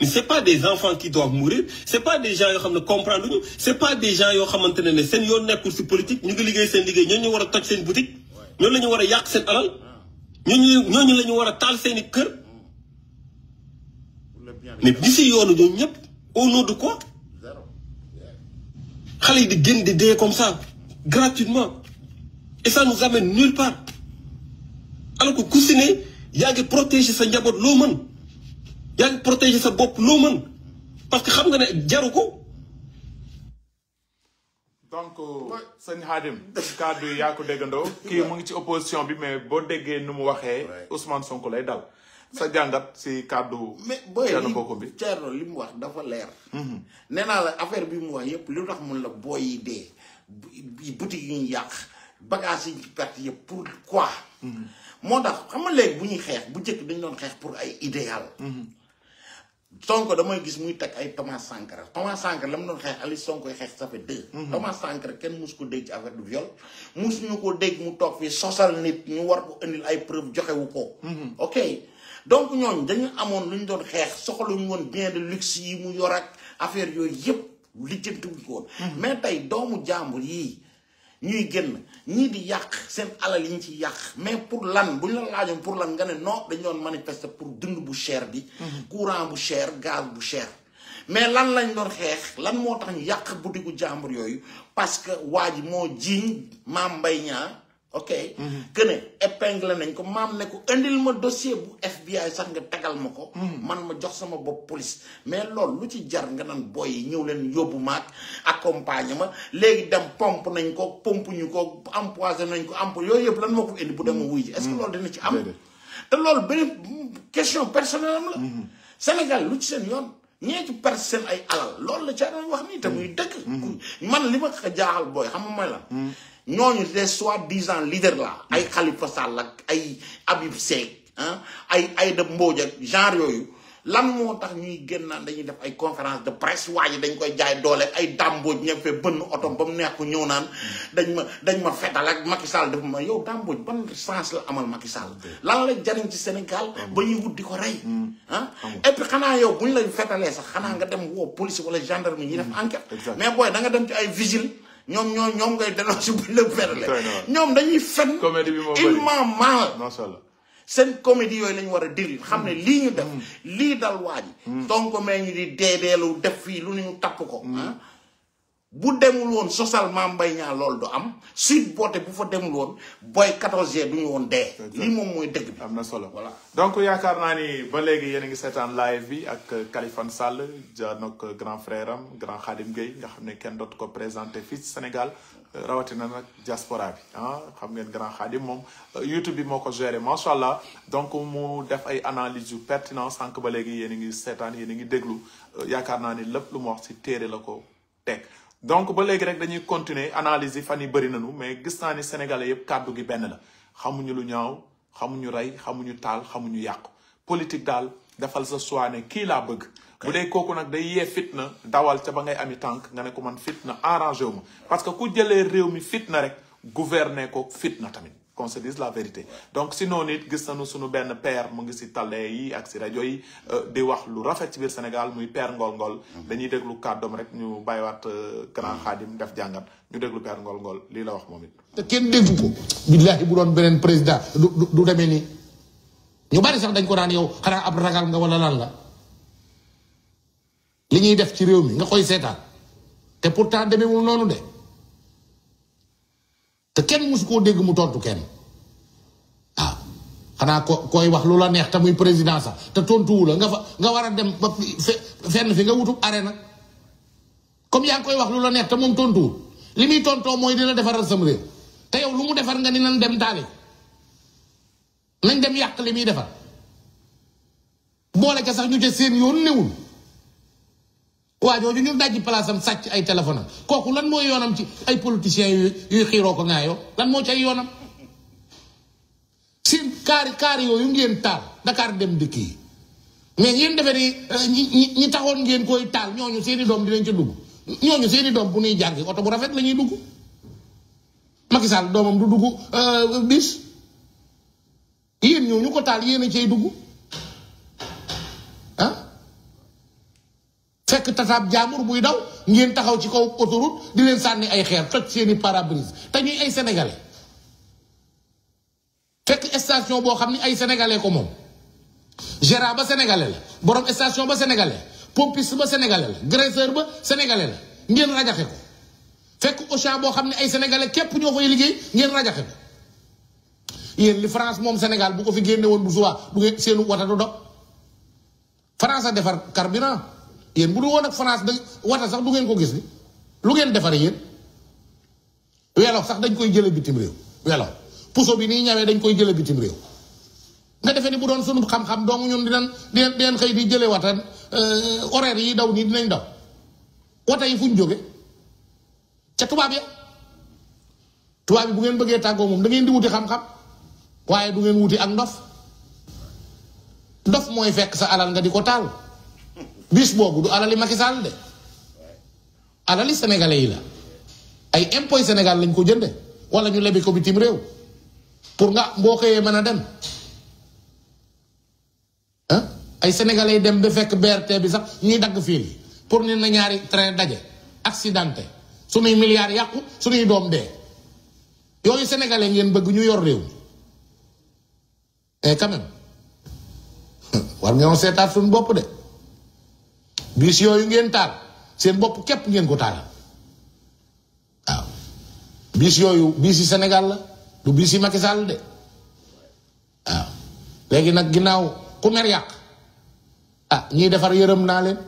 mais c'est pas des enfants qui doivent mourir c'est pas des gens qui comprennent ne Ce ñu c'est pas des gens qui xamante ne les seniors, les nekkul ci politique ñu ngi liggéey seen liggéey ñoo ñu war boutique Nous, avons ñu war a nous, ñooñu nous, nous mais bi yoonu au nom de quoi xalé di comme ça gratuitement et ça nous amène nulle part alors que ku il protéger sa njabot lo man protéger sa bop parce que xam nga donc sëñ Xaadim kàddu yi yaa ko déggandoo kii mu ngi ci opposition bi mais boo déggee nu mu waxee Ousmane Sonko lay dal sa jàngat si kàddu mais booy bi Thierno li mu wax dafa leer mhm. nee naa la affaire bi mu wax yëpp lu tax mun la booy yi dee boutique yi ñu yàq bagage yi ñu perte yëpp pour quoi mhm. moo tax xam nga léegi bu ñuy xeex bu njëkk dañu doon xeex pour ay idéal mhm. Sonko damay gis muy teg ay Thomas Sankara Thomas Sankara la mu doon xeex Ali Sonko xeex ça fait deux. Mhm. Thomas Sankara kenn mus ko dégg ci affaire du viol. mus ñu ko dégg mu toog fii sosal nit ñu war ko indil ay preuve joxewu ko. Mhm. ok donc ñooñ dañu amoon lu ñu doon xeex soxaluñu woon bien de luxe yi mu yor ak affaire yooyu yëpp lijjantiwuñ ko woon. Mhm. mais tey doomu jàmbur yi ñuy génn ñii di yàq seen alal yi ñu ci yàq mais pour lan bu ñu la laajoon pour lan nga ne non dañu doon manifester pour dund bu cher bi. Mhm. courant bu cher gaz bu cher. mais lan lañ doon xeex lan moo tax ñu yàq butigu jàmbur yooyu parce que waa ji moo jiiñ maam Mbaye ok que mhm. ne épingle nañ ko maam ne ko indil ma dossier bu FBI sax nga tagal ma ko mhm. man ma jox sama bopp police mais lool lu ci jar nga naan booy yi ñëw leen yóbbu maag accompagner ma léegi dem pompe nañ ko pompe ñu ko empoisonné nañ ko empo yooyu yëpp lan moo ko indi bu dema mhm. wuy ji est-ce que loolu dina ci am te loolu beneen question personnelle am la Sénégal lu ci seen yoon ñee ci perte seen ay alal loolu la ci doon wax nii te muy dëkk man li ma jaaxal booy xam nga mooy lan ñooñu les soi-disant leaders là ay Khalifa Sall ak ay Habib Seck ay Aïda Mbodj ak genre yooyu lan moo tax ñuy gën naan dañuy def ay conférence de presse waa ji dañ koy jaay doole ay dàmbooj ñëpp fee bënn oto ba mu neex ko ñëw naan dañ ma dañ ma fetal ak Macky Sall def ma yow dàmbooj ban sens la amal Macky Sall lan la jariñ ci Sénégal ba ñuy wut di ko rey ah et puis xanaa yow bu ñu lay fetalee sax xanaa nga dem woo police wala gendarme ñi def hmm. enquête mais booy da nga dem ci ay vigile ñoom ñoo ñoom ngay dénoncer bu la verle ñoom dañuy fen il ment mal macha allah seen comédie yooyu lañu war a diri xam ne mm. lii ñu def mm. lii dal waa ji donc mm. mais ñu di lu def fii lu ñu tapp ko ah. bu demul won social Mame Mbaye Niang do am suite Beauté bu fa demul won boy 14 e du ñu woon dee. lii moom mooy dëgg bi. amna solo voilà. donc yaakaar naa ni ba légui yene ngi sétane live bi ak Kaliphone Sall jaanook grand frère am grand Khadim Gueye nga xamné ken dot ko présenter fii Sénégal rawati na nak diaspora bi ah xam ngeen grand Khadim mom euh, YouTube bi moko gérer géré donc mu def ay analyse yu pertinent sànq ba légui yene ngi sétane yene ngi déglu euh, yakarna ni lepp lu mu wax ci téré la ko tek donc ba légui rek dañuy continuer analyse fani fan nañu mais gis naa ni sénégalais yépp kaddu gi benn la xamuñu lu ñaaw xamuñu ray xamuñu taal xamuñu yàqu politique dal defal sa choix ne kii laa bëgg. bu dee koku nak day yé fitna dawal ca ba ngay ami tank nga ne ko man fitna arrangé wu parce que ku jëlé réew mi fitna rek gouverner ko fitna tamit. qu'on se dise la vérité donc sinon nit gis nañu suñu ben père mu ngi si tale yi ak si rajo yi euh, di wax lu rafet ci Sénégal muy père Ngol Ngol mhm. dañuy déglu kàddoom rek ñu bàyyiwaat euh, grand xaadim mhm. def jàngat ñu déglu père Ngol Ngol Lila la wax moom te kenn dégg ko billahi bu doon beneen président du du demee nii ñu bari sax dañ ko daan yow ab ragal nga wala lan la li ñuy def ci réew mi nga koy seetaan te pourtant demeewul noonu de te kenn musu koo dégg mu tontu kenn ah xanaa ko koy wax lu la neex te muy président sax te tontuwu la nga fa nga war a dem ba fenn fi nga wutub arena comme yaa koy wax lu la neex te moom tontuwul li muy tontoo mooy dina defaral sam réew te yow lu mu defar nga ni nan dem taali nañ dem yàq li muy defar boole ca sax ñu ca seen yoon newul waa jooju ñu dajji place am sàcc ay téléphone kooku lan mooy yoonam ci ay politiciens yu yuy xiiroo ko ŋaayoo lan moo ci ay yoonam si kaar kaar yooyu ngeen taal Dakar dem dëkk yi mais yéen defee ni euh, ñi ñi taxoon ngeen koy taal ñooñu seeni doom dinañ ca dugg ñooñu seeni doom bu ñuy jàng oto bu rafet la ñuy dugg Macky Sall doomam du dugg euh, bis yéen ñu ko taal yéen a cay dugg fekk tataab jaamur buy daw ngeen taxaw ci kaw autoroute di leen sànni ay xeer toj seeni parabrise te ay sénégalais fekk station boo xam ni ay sénégalais ko moom gérant ba sénégalais la borom station ba sénégalais pompiste ba sénégalais la ba sénégalais ngeen rajaxe ko fekk Auchan boo xam ne ay sénégalais képp ñoo fay liggéey ngeen rajaxe ko yéen li France moom Sénégal bu ko fi génne woon bu suwaa du ngeen seenu wata du dog France a defar carburant yéen bu du woon ak France da wata sax du ngeen ko gis ni lu ngeen defaree yéen welo sax dañ koy jële bitim réew welo puso bi nii ñawee dañ koy jële bitim réew nga defee ni bu doon sunu xam-xam doomu di dinañ dinañ xëy di jële wata euh, horaire yi daw nii dinañ daw wata yi fu ñu jóge ca tubaab ya tubaab yi bu ngeen bëggee tàggoo moom da ngeen di wuti xam-xam waaye du ngeen wuti ak ndof ndof mooy fekk sa alal nga di ko taal bis bobu du alali Macky Sall de alali sénégalais yi la ay impôts Sénégal lañ e ko jëndé wala ñu lebi ko bitim réew pour nga mboké mëna dem hein ay sénégalais dem be fekk BRT bi sax ñi dag fi pour ni na ñaari train dajé accidenté suñu milliard yaqku suñu dom dé yoy sénégalais e ngeen bëgg ñu yor réew eh quand même war ñoo sétat suñu bop de bis yooyu ngeen taal seen bopp képp ngeen ko taalal waaw bis yooyu bis yi senegal la du bis yi Macky Sall de waaw léegi nag ginnaaw ku mer yàq ah ñiy defar yërëm naa leen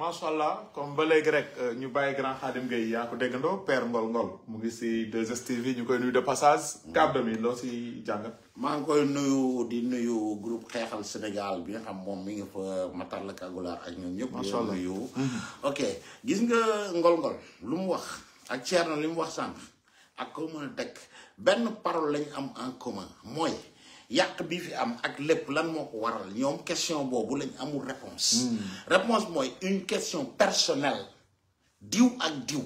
macha allah comme ba léegi rek euh, ñu bàyyi grand Khadim Gueye yaa ko déggandoo père Ngol Ngol mu ngi si 2STV ñu koy nuyu de passage. kàddu mi loo si jàngat. maa ngi koy nuyu di nuyu groupe xeexal Sénégal bi nga xam moom mi ngi fa Matar la ak ñoom ñëpp. macha mm-hmm. ok gis nga Ngol Ngol lu mu wax ak Thierno li mu wax sànq ak ko mën benn parole lañ am en commun mooy. yàq bi fi am ak lepp lan moko waral ñom question bobu lañ amul réponse hmm. réponse moy une question personnelle diw ak diw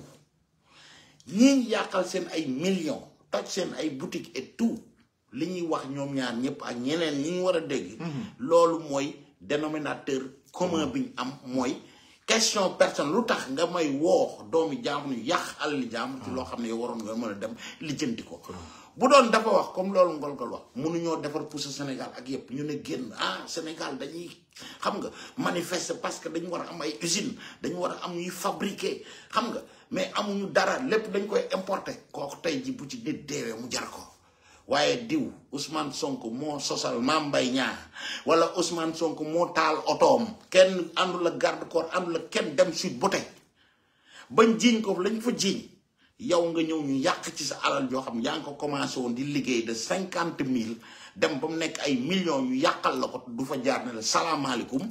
ñi yàqal seen ay millions toj seen ay boutiques et tout li ñuy wax ñom ñaar ñëpp ak ñeneen li ñu wara a dégg hmm. loolu dénominateur commun biñ am moy question personne lu tax nga may woo doomi jaamu ñu yàq li jamm ci lo hmm. xamne waron nga mëna dem li jëndiko bu doon dafa wax comme loolu ngolgol wax ñoo defar pousse Sénégal ak yépp ñu ne génn ah Sénégal dañuy xam nga manifester parce que dañu war am ay usine dañu war am yuy fabriquer xam nga mais amuñu dara lépp dañ koy importer kooku tey ji bu ci nit mu jar ko waaye diw Ousmane Sonko moo sosal Mame bay wala Ousmane Sonko moo tal otoom kenn àndul la garde corps àndul la kenn dem sud bu bañ jiñ ko lañ fa jiñ yow nga ñëw ñu yàq ci sa alal joo xam yaa ngi ko commencé woon di liggéey de cinquante mille dem ba mu nekk ay millions ñu yàqal la ko du fa jaar ne la salaamaaleykum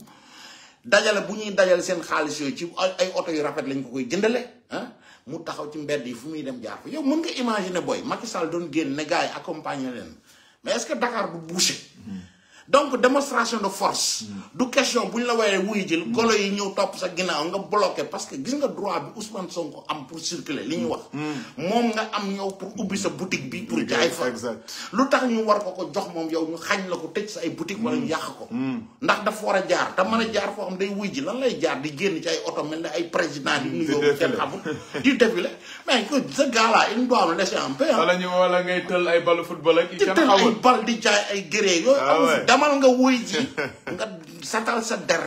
dajale bu ñuy dajale seen xaalis yooyu ci ay oto yu rafet lañ ko koy jëndale ah mu taxaw ci mbedd yi fu muy dem jaar fa yow mën nga imaginer booy Macky Sall doon génn ne gars yi accompagner leen mais est-ce que Dakar bu bouché. Hmm. donc démonstration de force du question buñ la wayé wuy jël golo yi ñeu top sa ginaaw nga bloquer parce que gis nga droit bi Ousmane Sonko am pour circuler li ñu wax mom mm. mm. nga am ñeu pour ubbi sa boutique bi pour jaay fa lu tax ñu war ko ko jox mom yow ñu xagn la ko tecc sa ay boutique wala ñu mm. yàq ko ndax da fo wara jaar te mëna jaar fo am day wuy ji lan lay jaar di génn ci ay auto melni ay président yi ñu yóbbu kenn xamul di défilé mais ko ce gars là il doit le laisser en paix wala ñu wala ngay teul ay ballu football ak ci tël ay ball di jaay ay géré yooyu ah demal nga wuy ji nga satal sa der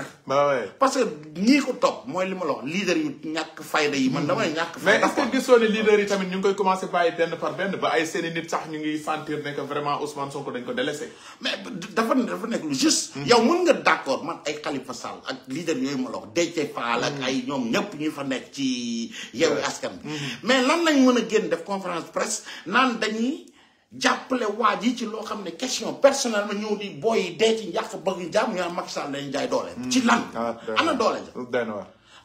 parce que ñii topp mooy li ma la leader yu ñàkk fayda yi man hmm. damay ñàkk fayda mais est-ce que gisoo yi tamit ñu ngi koy ba ay seeni nit sax ñu ngi sentir ne que vraiment Ousmane Sonko dañ ko délaissé mais dafa dafa nekk lu juste hmm. yow mën nga d'accord man ay Khalifa Sall ak leader yooyu ma la wax Déthié Fall ak hmm. ay ñoom ñépp ñu fa nekk ci Yewwi Askan bi mais lan lañ mën a génn def conférence presse naan dañuy jàppale waa ji ci loo xam ne question personnel ma ñëw di booy yi dee ci njàq bëgg jàmm ñu naan Macky Sall dañu jaay doole. Hmm. ci lan ah, ana doole ja.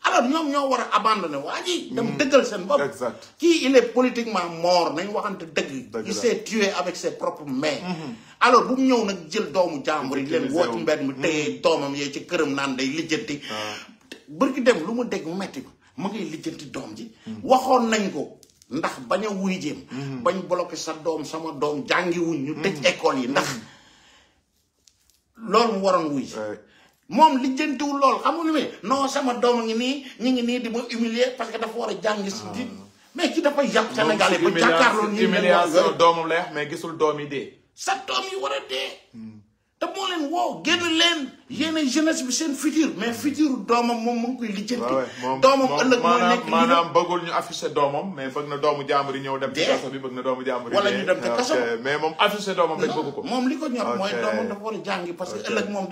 alors ñoom ñoo war a abandonné waa ji. Hmm. dem dëggal seen bopp. kii il est politiquement mort nañ waxante dëgg. il s'est tué avec ses propres mains. Hmm. alors bu mu ñëw nag jël doomu jàmbur yi leen woo ci mbedd mi téye doomam yee ci këram naan day lijjanti. Ah. bërki dem lu mu dégg metti ma ngay lijjanti doom ji. waxoon nañ ko. ndax bañ a wuy jéem mhm. bañ bloqué sa doom sama doom jàngiwuñ ñu tëj mhm. école yi ndax mhm. loolu mu waroon wuy moom lijjantiwul lool xamul mi non sama doom ngi nii ñu ngi nii di ma humilier parce que dafa war a jàngi si ah. di mais ci dafay yàpp Sénégalais ba jàkkaarloo ñi humiliation doomam lay wax mais gisul doom yi dee sa doom yi war a dee hmm. te moo leen woo génn leen yéen jeunesse bi seen futur mais futur doomam moom mu ngi koy lijjanti. doomam ëllëg mooy nekk li ñëw dem. ci kaso bi bëgg na doomu jàmbur yi wala ñu moom affiché doomam rek bëgg ko. moom li ko ñor mooy doomam dafa war a jàngi parce que ëllëg moom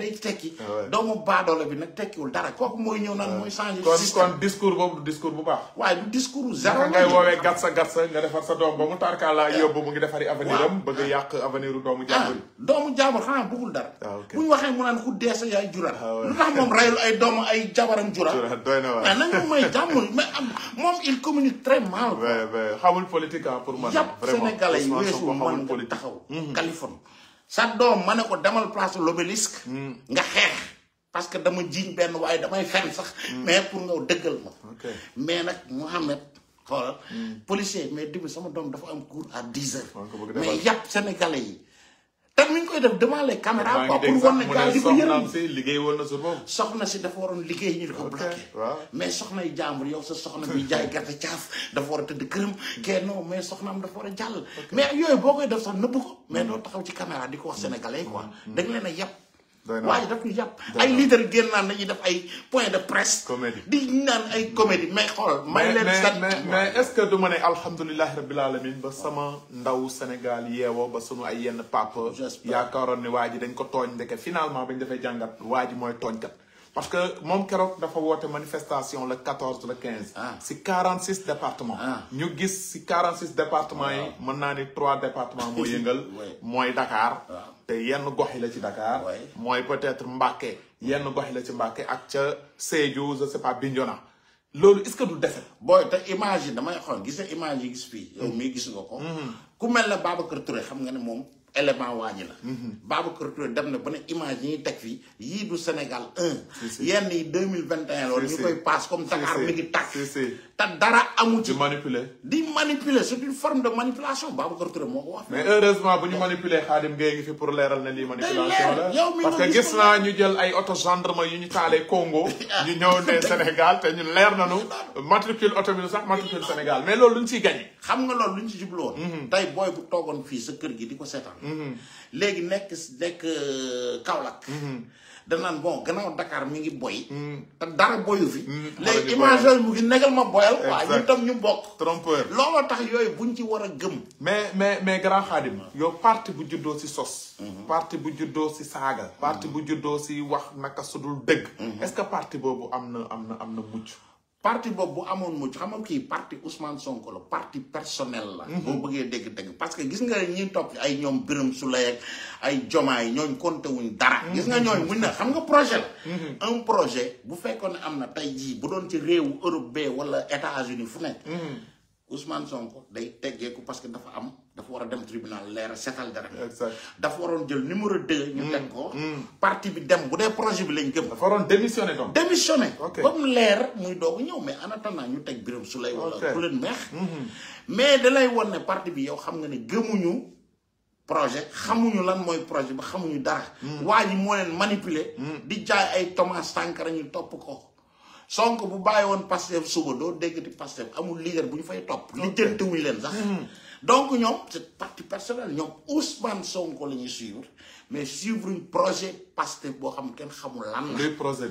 day waaye du discours zéro. ngay woowee gat sa gat sa nga defar sa doom ba mu tarkaala eh. yóbbu mu ngi defari avenir bëgg yàq avenir ah, doomu jàmbur doomu ah, jàmbur xanaa bëggul dara. Ah, bu ñu waxee mu naan ku dee sa yaay jura. Ah, lu tax moom rayul ay doomu ay jabaram jura. jura doy na waay ah, nañu may jàmm mais moom il communique très mal. xamul politique man. yi weesu man nga taxaw. Mhm. Californie sa doom ma ne ko demal place l'obélisque mhm. nga xeex. parce que dama jiiñ benn waaye damay fen sax. Mhm. mais pour nga dëggal ma. mais nag Mouhamed policier mais dimbali sama doom dafa am cours a 10 heures. mais yàpp sénégalais yi. te mi ñu koy def devant les caméras quoi pour wan ne gars yi ko yërëm liggéey woon na sa soxna si dafa waroon liggéey ñu di ko bloqué mais soxna yi jàmbur yow sa soxna bi jaay gerte caaf dafa war a tëdd këram kee mais soxnaam dafa war a jàll mais yooyu boo koy def sax nëbb ko mais doo taxaw ci caméra di ko wax sénégalais quoi mm-hmm. da leen a yàpp waaye daf ñu jàpp ay leader génn naan dañuy def ay point de presse. comédie di naan ay comédie mais xoolal. may leen sant mais mais est-ce que du ma ne alhamdulilah rabbil alamin ba sama ndaw Sénégal yeewoo ba sunu ay yenn pape. yaakaaroon ne waa ji dañ ko tooñ ndeke finalement bañ defee jàngat waa ji mooy tooñkat. parce que mon keroog dafa woote manifestation le 14 le 15. C'est 46 départements. Ah. ñu gis c'est 46 départements yi. mën naa ni 3 départements moo yëngal. mooy Dakar. il yenn gox yi la ci Dakar. mooy peut-être Mbacké yenn gox yi la ci Mbacké ak ca Sédhiou je ne sais pas Bignona. loolu est-ce que du defe vous te image yi Vous xool gis nga image yi gis fii. yow mii gis nga ko. Mm-hmm. ku mel Babacar Touré xam nga élément wañi la mhm. babacar touré dem na bëna image yi tek fi yi du sénégal 1 yenn yi 2021 lool ñukoy pass passe comme dakar mi ngi tak ta dara amu ci manipuler di manipuler c'est une forme de manipulation babu touré moo ko wax mais heureusement bu ñu manipuler khadim ngay ngi fi pour léral ne li manipulation la parce que gis na ñu jël ay auto gendarme yu ñu talé congo ñu ñëw né sénégal té ñu lér nañu matricule auto bi sax matricule sénégal mais lool luñ ci gagné xam nga lool luñ ci jublu woon mhm. tey booy bu togon fi sa kër gi diko sétal Mm-hmm. léegi nekk nekk euh, Kaolack. Mm-hmm. danaan bon gannaaw dakaar mi ngi boy mm-hmm. te dara boyu fi. léegi image yooyu mu ngi negal ma boyal. waa ñu tam ñu bokk. trompeur looloo tax yooyu bu buñ ci war a gëm. mais mais mais grand Khadim. yow parti bu juddoo si sos. parti bu juddoo si saaga. parti bu juddoo si wax naka sudul dëgg. est-ce que parti boobu am na am na am na mujj parti boobu bu amoon mujj xam kii parti Ousmane Sonko la parti personnel la. Mhm. boo bëggee dégg-dégg parce que gis nga ñi topp ay ñoom Birame Souleye ak ay jomaay ñooñ compté wuñ dara. Mhm. gis nga ñooñ muñ ne xam nga projet la. Mhm. un projet bu fekkoon ne am na tey jii bu doon ci réewu Europe bee wala États-Unis fu nekk. Ousmane Sonko day teggeeku parce que dafa am. dafa war a dem tribunal leer setal dara. dafa waroon jël numéro 2. ñu teg ko. Mm, mm. parti bi dem bu dee projet bi lañ gëm. dafa waroon démissionné donc. démissionné. ba mu leer muy doog ñëw mais en attendant ñu teg Birame Souleye. ok wala ku leen meex. Mm-hmm. mais dalay lay ne parti bi yow xam nga ne gëmuñu projet xamuñu lan mooy projet ba xamuñu dara. Mm. waa ji moo leen manipuler. di jaay ay Thomas Sankara ñu topp ko. Sonko bu bàyyi woon Pastef suba doo déggati Pastef amul leader bu ñu fay topp. li jënte wuñ leen sax. donc nous, c'est parti personnel personnelle. Ousmane Sonko nous ñuy suivre mais suivre un projet parce que xam avons xamul lan Le projet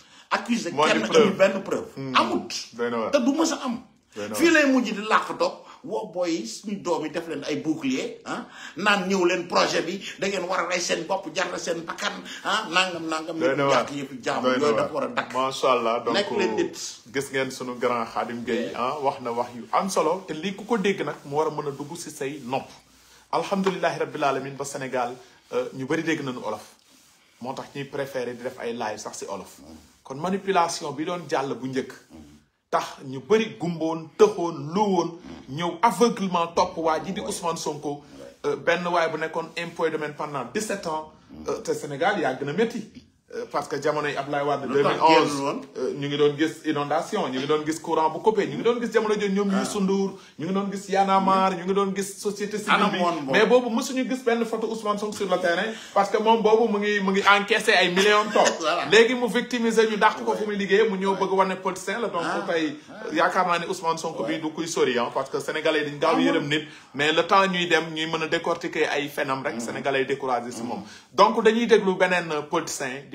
accusé kenn amul benn preuve hmm. amut te du mës a am fi lay mujj di làq toog woo booy suñu doom def len ay bouclier ah nan ñew len projet bi da ngeen wara ray rey seen bopp jar na seen bakkan ah nangam nangam ñu jàkk jamm do da dafa war a dakk macha allah donc gis ngeen suñu grand Khadim Gueye eh. ah waxna wax yu am solo te li ku ko deg nak mo wara a dugg ci say nop alhamdullilah rabbil alamin ba senegal euh, ñu bari deg nañu olof motax ñi préférer di def ay live sax ci olof hmm. kon manipulation bi doon jàll bu njëkk tax ñu bëri gumboon tëxoon luwoon ñëw aveuglement topp waa ji di Ousmane Sonko euh, benn waay bu nekkoon impôt domaine pendant 17 ans euh, te Sénégal yaa gën a métti Euh, parce que jamonoy Abdoulaye Wade 2011 euh, ñu ngi doon gis inondation ñu ngi doon gis courant bu coupé ñu ngi doon gis jamono jooju ah. ñu ngi doon gis Y'en a ñu ngi doon gis société civile bi mais boobu mësuñu gis benn photo Ousmane Sonko sur le terrain parce que moom boobu mu ngi mu ngi encaissé ay millions de toog léegi mu victimisé ñu dàq ko fu muy liggéey mu ñëw bëgg wane politicien la donc ah. tey ah. yaakaar naa ne Ousmane Sonko bi du kuy sori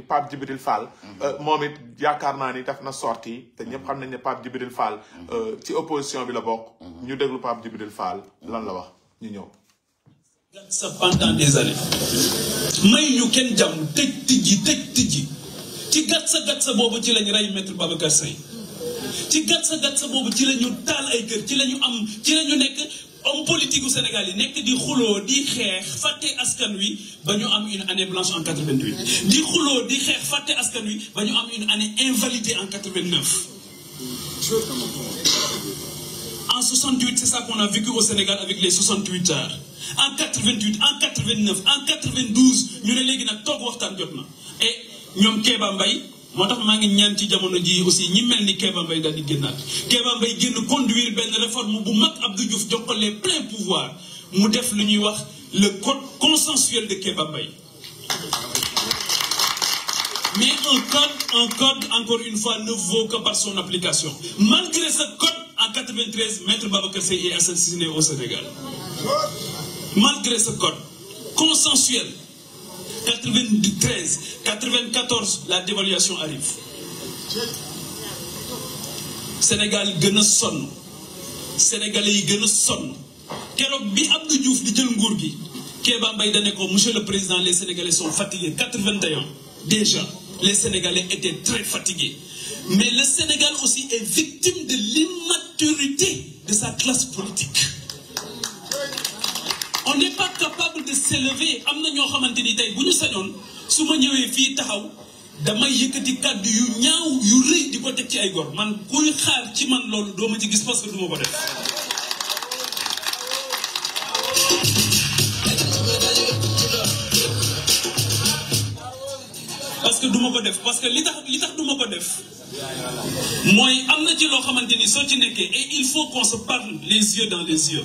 Pape Djibril Fall. Euh, moom it yaakaar naa ni daf na sorti te ñëpp xam nañ ne Pape Djibril Fall. Euh, ci opposition bi la bokk. ñu déglu Pape Djibril Fall lan la wax ñu ñëw. gàtt sa pendant des années may kenn jàmm tëj tijji tëj tijji ci gàtt sa gàtt sa boobu ci lañ rey maître Babacar Seye ci gàtt sa gàtt sa boobu ci la ñu ay kër ci la ñu ci la nekk. homme politique au Sénégal yi di xuloo di xeex faté askan une année blanche en 88 di xuloo di xeex faté askan wi une année invalidée en 89. En 68, c'est ça qu'on a vécu au Sénégal avec les 68 heures. En 88, en 89, en 92, nous avons Et nous avons moo mangi ngi ñaan ci jamono ji aussi di conduire réforme bu Diouf plein pouvoir mu def le code consensuel de Kéba mais un code encore une fois ne vaut que par son application malgré ce code en 93 maître Babacar est assassiné au Sénégal malgré ce code consensuel 93, 94, la dévaluation arrive. Sénégal sénégalais ne Diouf monsieur le président les sénégalais sont fatigués 81 déjà les sénégalais étaient très fatigués mais le Sénégal aussi est victime de l'immaturité de sa classe politique on n'est pas capable de s'élever Amna ñoo xamanteni tay buñu bu ñu sañoon su ma ñëwee taxaw damay yëkëti kaddu yu ñaaw yu rëy di ko ci ay gor man kuy xaar ci man loolu doo ma ci gis parce que duma ko def. parce que duma ko def parce que li tax li tax duma ko def moy amna ci lo xamanteni so ci nekké et il faut qu'on se parle les yeux dans les yeux.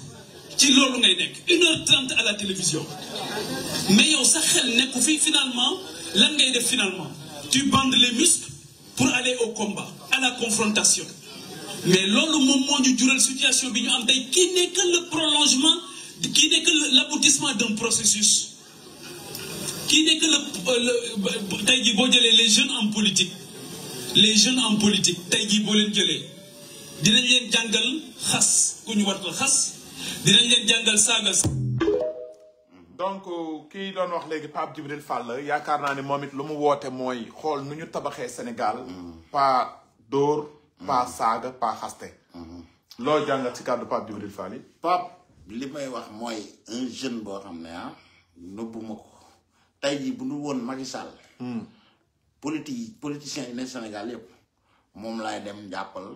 ci loolu ngay nekk une heure trente à la télévision mais on sa nest finalement lan ngay finalement tu bandes les muscles pour aller au combat à la confrontation mais du moment du durée de situation bi qui n'est que le prolongement qui n'est que l'aboutissement d'un processus qui n'est que le euh, euh, tey jii boo les jeunes en politique les jeunes en politique tey jii boo leen jëlee dinañ leen jàngal ku dinañ leen jàngal saagal donc kii doon wax léegi Pape Djibril Fall yaakaar naa ne moom it lu mu woote mooy xool nu ñu tabaxee Sénégal pas dóor pas saaga pas xaste loo jàngat ci kàddu Pape Djibril Fall yi Pape li may wax mooy un jeune boo xam ne ah nëbbuma ko tey bu nu woon Macky Sall hmm. politique politiciens yi ne Sénégal yëpp moom laay dem jàppal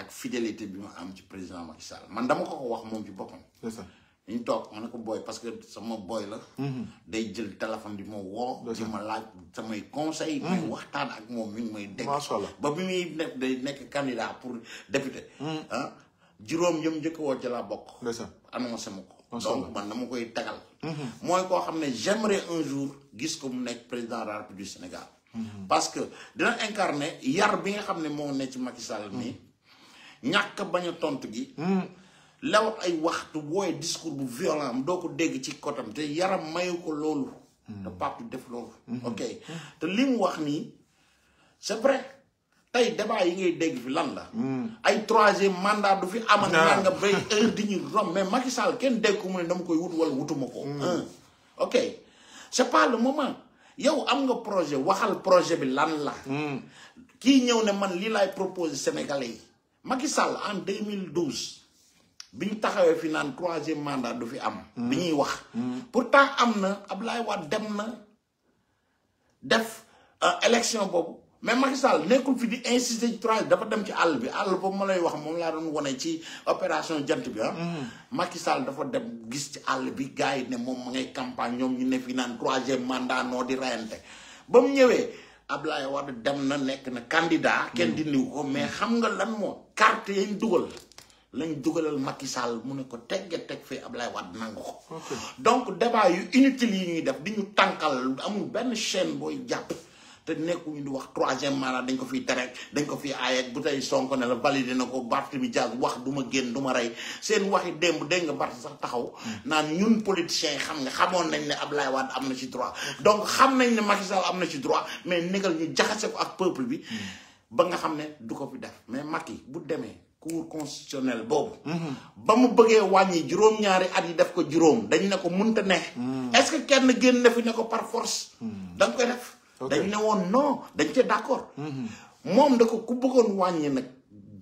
ak fidélité bi mu am ci président Macky man dama ko ko wax moom ci boppam. c'est ñu toog ma ne ko booy parce que sama booy la. Mm-hmm. day jël téléphone di ma woo. di ma laaj samay conseil mm-hmm. may waxtaan ak moom mi ngi may dégg. macha allah ba bi muy nekk day nekk candidat pour député. Mm-hmm. ah juróom yëm njëkk woo ci laa bokk. c'est ça annoncé ma ko. donc man dama koy tagal. mooy koo xam ne j'aimerais un jour gis ko mu nekk président de la République Sénégal. parce que dina incarner yar bi nga xam ne moo ne ci Macky Sall ñàkk bañ a tontu gi. Hmm. law ay waxtu wooye discours bu violent am doo ko dégg ci kotam te yaram mayu ko loolu. te hmm. Pape def loolu. Hmm. ok te li mu wax nii c'est vrai tey débat yi ngay dégg fi lan la. ay troisième mandat du fi amal. waaw nga béy heure di ñu rom mais Macky Sall kenn dégg ko mu ne dama koy wut wala wutuma ko. ok c'est pas le moment. yow am nga projet waxal projet bi lan la. kii ñëw ne man lii laay proposer Sénégalais yi. Macky Sall en 2012 bi ñu taxawee fi naan troisième mandat du fi am. bi ñuy wax. pourtant am na Abdoulaye Wade dem na def euh, élection boobu mais Macky Sall nekkul fi di insister ci troisième dafa dem ci àll bi àll boobu ma lay wax moom laa doon wane ci opération jant bi ah. Mm-hmm. Macky dafa dem gis ci àll bi gars yi ne moom ma ngay campagne ñoom ñu ne fi naan troisième mandat noo di reyante ba mu ñëwee. Ablaye Wade dem na nekk na candidat kenn dindiwu ko mais xam nga lan moo carte yañ dugal lañ dugalal Macky Sall mu ne ko tegge teg ab Ablaye Wade nangu ko donc débat yu inutile yi ñuy def di ñu tànkal amul benn chaîne booy jàpp te nekkuñu di wax 3e mandat dañ ko fi tere dañ ko fiy aayet bu tay sonko na la valider nako ko bi jaas wax duma genn duma ray seen waxi demb de nga barte sax taxaw naan ñun politiciens xam nga xamoon nañ ne Ablaye wad amna ci droit donc xam nañ ne Macky Sall amna ci droit mais negal ñu jaxase ko ak peuple bi ba nga xam ne du ko fi def mais Macky bu démé cour constitutionnel bob ba mu bëggé wañi juroom ñaari at yi def ko juroom dañ ne ko ta ne mm. est-ce que kenn genn na fi ne ko par force mm. da koy def dañ ne woon non dañ ca d'accord. Mhm. moom da ko ku bëggoon wàññi nag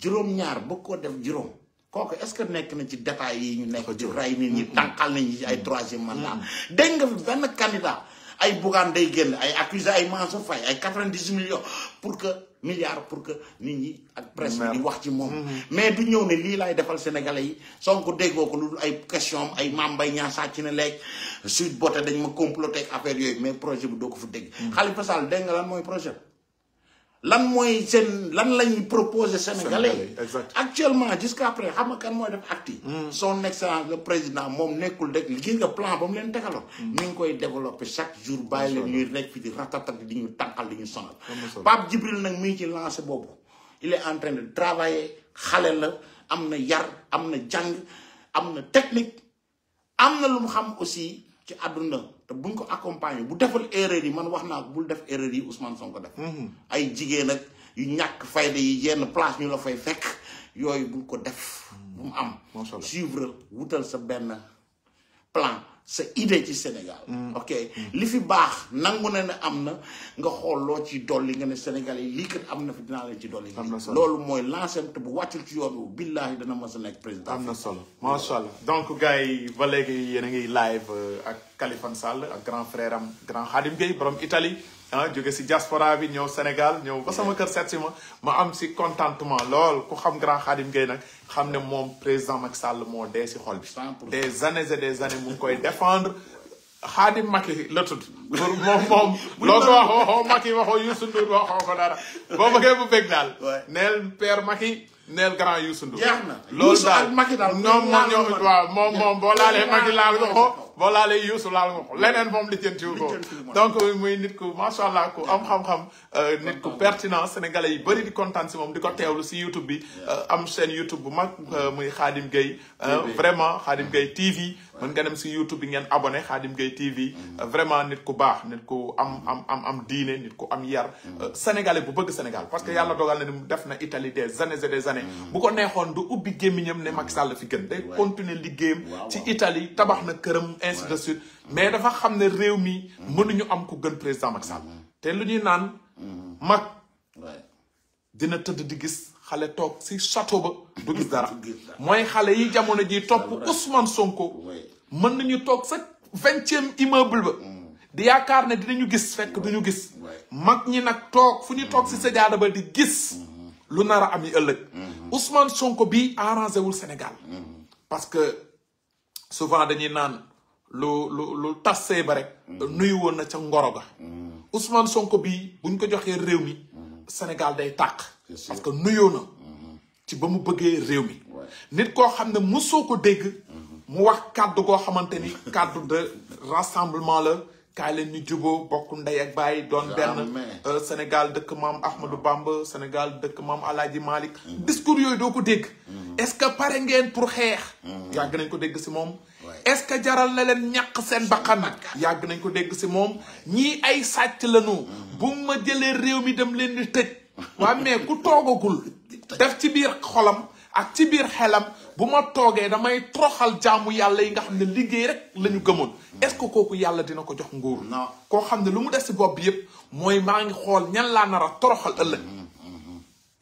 juróom-ñaar bëgg koo def juróom. kooku est-ce que nekk na ci détails yi ñu nekk ci ray nit ñi mhm. tànqal nañ ci ay mhm. troisième mandat. dégg nga fi benn candidat ay Bougane day génn ay accusé ay Mansour Faye ay quatre-vingt-dix millions pour que. milliards pour que nit ñi ak presse bi wax ci moom mm-hmm. mais du ñëw ne lii laay defal sénégalais yi Sonko déggoo ko lu ay question ay Mame Mbaye Niang sàcc na lekk suite botte dañ ma comploté ak affaire yooyu mais projet bu doo ko fa dégg mm-hmm. Khalifa Sall dégg nga lan mooy projet lan mooy seen lan la ñuy proposer sénégalais actuellement jusqu'à après xam nga kan mooy def acte yi hmm. son excellence président moom nekkul rek gis nga plan ba mu leen tegaloon ñu hmm. ngi koy développer chaque jour bàyyi leen ñuy nekk fi di ratatati di ñu tànqal di ñu sonal Pape Djibril nag mi ci lancé boobu il est en train de travailler xale la am na yar am na jàng am na technique am na lu mu xam aussi ci àdduna te buñ ko accompagner bu deful erreur yi man wax naa bul def erreur yi Ousmane ko def. Mhm. ay jigéen ak yu ñàkk fayda yi yenn place ñu la fay fekk yooyu bul ko def. Mhm. bu mu am. suivre wutal sa benn plan. sa idée ci Sénégal. Mm. ok mm. li fi baax nangu na ne am na nga xool lool ci dolli nga ne Sénégal yi lii kat am na fi dinaa leen ci dolli. am na solo loolu mooy lancement bu wàccul ci yoon wi billaahi dana mës a nekk président. am na solo macha allah donc gars yi ba léegi yéen a ngi live euh, ak Kaliphone Sall ak grand frère am grand Khadim Gueye borom Italie. ah jóge si diaspora bi ñëw Sénégal ñëw ba sama kër seet ma ma am si contentement lool ku xam grand Khadim Gueye nag xam ne moom président Macky Sall moo dee si xol bi. des années et des années mu ngi koy défendre. Xaadim Macky la tudd moom wax waxoo Macky waxoo Youssou Ndour bu bëgg daal neel père Macky neel grand Youssou Ndour jeex na loolu daal moom moom boo laalee Macky laal nga boo laalee Youssou laal nga ko leneen moom lijjantiwu ko donc muy nit ku macha allah ku am xam-xam euh, nit ku pertinent sénégalais yi bëri di kontaan si moom di ko teewlu si YouTube bi euh, am chaîne YouTube bu mag euh, muy Khadim Gueye vraiment Khadim Gueye TV man nga dem YouTube bi abonné Khadim Gueye TV mm. vraiment nit ku baax nit am am am am diine nit ku am yar mm. euh, sénégalais bu bëgg Sénégal parce que mm. yalla dogal na def na Italie des années et des années bu ko neexoon du ubbi gémmiñam ne mak Sall fi gën day continuer ci Italie tabax na kërëm ainsi de mais dafa ne réew mi am ku gën président mak Sall té lu ñuy naan mak dina tëdd di gis xale toog si château ba du gis dara mooy xale yi jamono ji topp Ousmane Sonko mën nañu toog sa vingtième immeuble ba mm. di yaakaar ne dinañu gis fekk duñu gis mag ñi nag toog fu ñu toog si mm. sajaada ba di gis mm-hmm. lu nar a am yi ëllëg mm-hmm. Ousmane Sonko bi arrangé wul Sénégal mm-hmm. parce que souvent dañuy naan lu lu lu tassee ba rek nuyu woon na ca ngoro ga Ousmane Sonko bi buñ ko joxee réew mi Sénégal day tàq. parce que nuyoo na. ci ba mu bëggee réew mi. nit koo xam ne mosoo ko dégg. Mhm. mu wax kàddu goo xamante ni kàddu de rassemblement la. kaay leen ñu juboo bokk ndey ak bàyyi doon benn euh, Sénégal dëkk maam Ahmadou Bamba Sénégal dëkk maam Alaaji Malick mhm. discours yooyu doo ko dégg mhm. est-ce que pare ngeen pour xeex yàgg nañ ko dégg si moom est-ce que jaral na leen ñàq seen bakkan yàgg nañ ko dégg si moom ñii ay sàcc lañu bu ma jëlee réew mi dem leen di tëj waa mais ku toogagul def ci biir xolam ak ci biir xelam bu ma toogee damay troxal jaamu yàlla yi nga xam ne liggéey rek la ñu gëmoon est-ce kooku yàlla dina ko jox nguur koo xam ne lu mu def si bopp yëpp mooy maa ngi xool ñan laa nara a toroxal ëllëg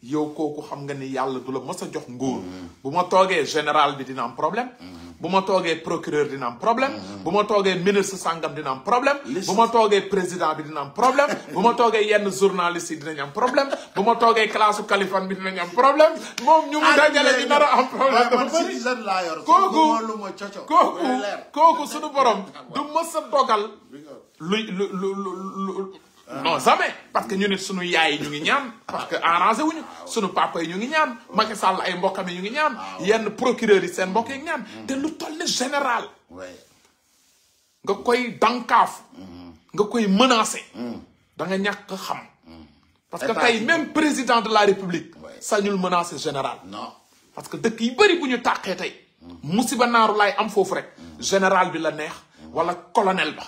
yow kooku xam nga ni yàlla du la mës a jox nguur. bu ma toogee général bi dina am problème. bu ma toogee procureur dina am problème. bu ma toogee ministre sangam dina am problème. bu ma toogee président bi dina am problème. bu ma toogee yenn journaliste yi dinañ am problème. bu ma toogee classe kalifan bi dinañ am problème. moom ñu mu ah, dajale ñu dara am problème. dafa bëri kooku kooku kooku suñu borom du mës a lu lu lu lu. non jamais parce que ñu ne sunu yaay ñu ngi ñaan parce que arrangé wuñu ah, sunu papa yi ñu ngi ñaan Macky Sall ay mbokkam yi ñu ngi ñaan ah, yenn procureur yi seen mbokk yi ñaan mm-hmm. te lu toll ne général nga koy dankaaf mm-hmm. nga koy menacé mm. da nga ñàkk xam mm. parce que tey même président de la république sañul menacé général non parce que dëkk yi bëri bu ñu tàqee tey mm. musiba naaru laay am foofu rek général bi la neex wala colonel ba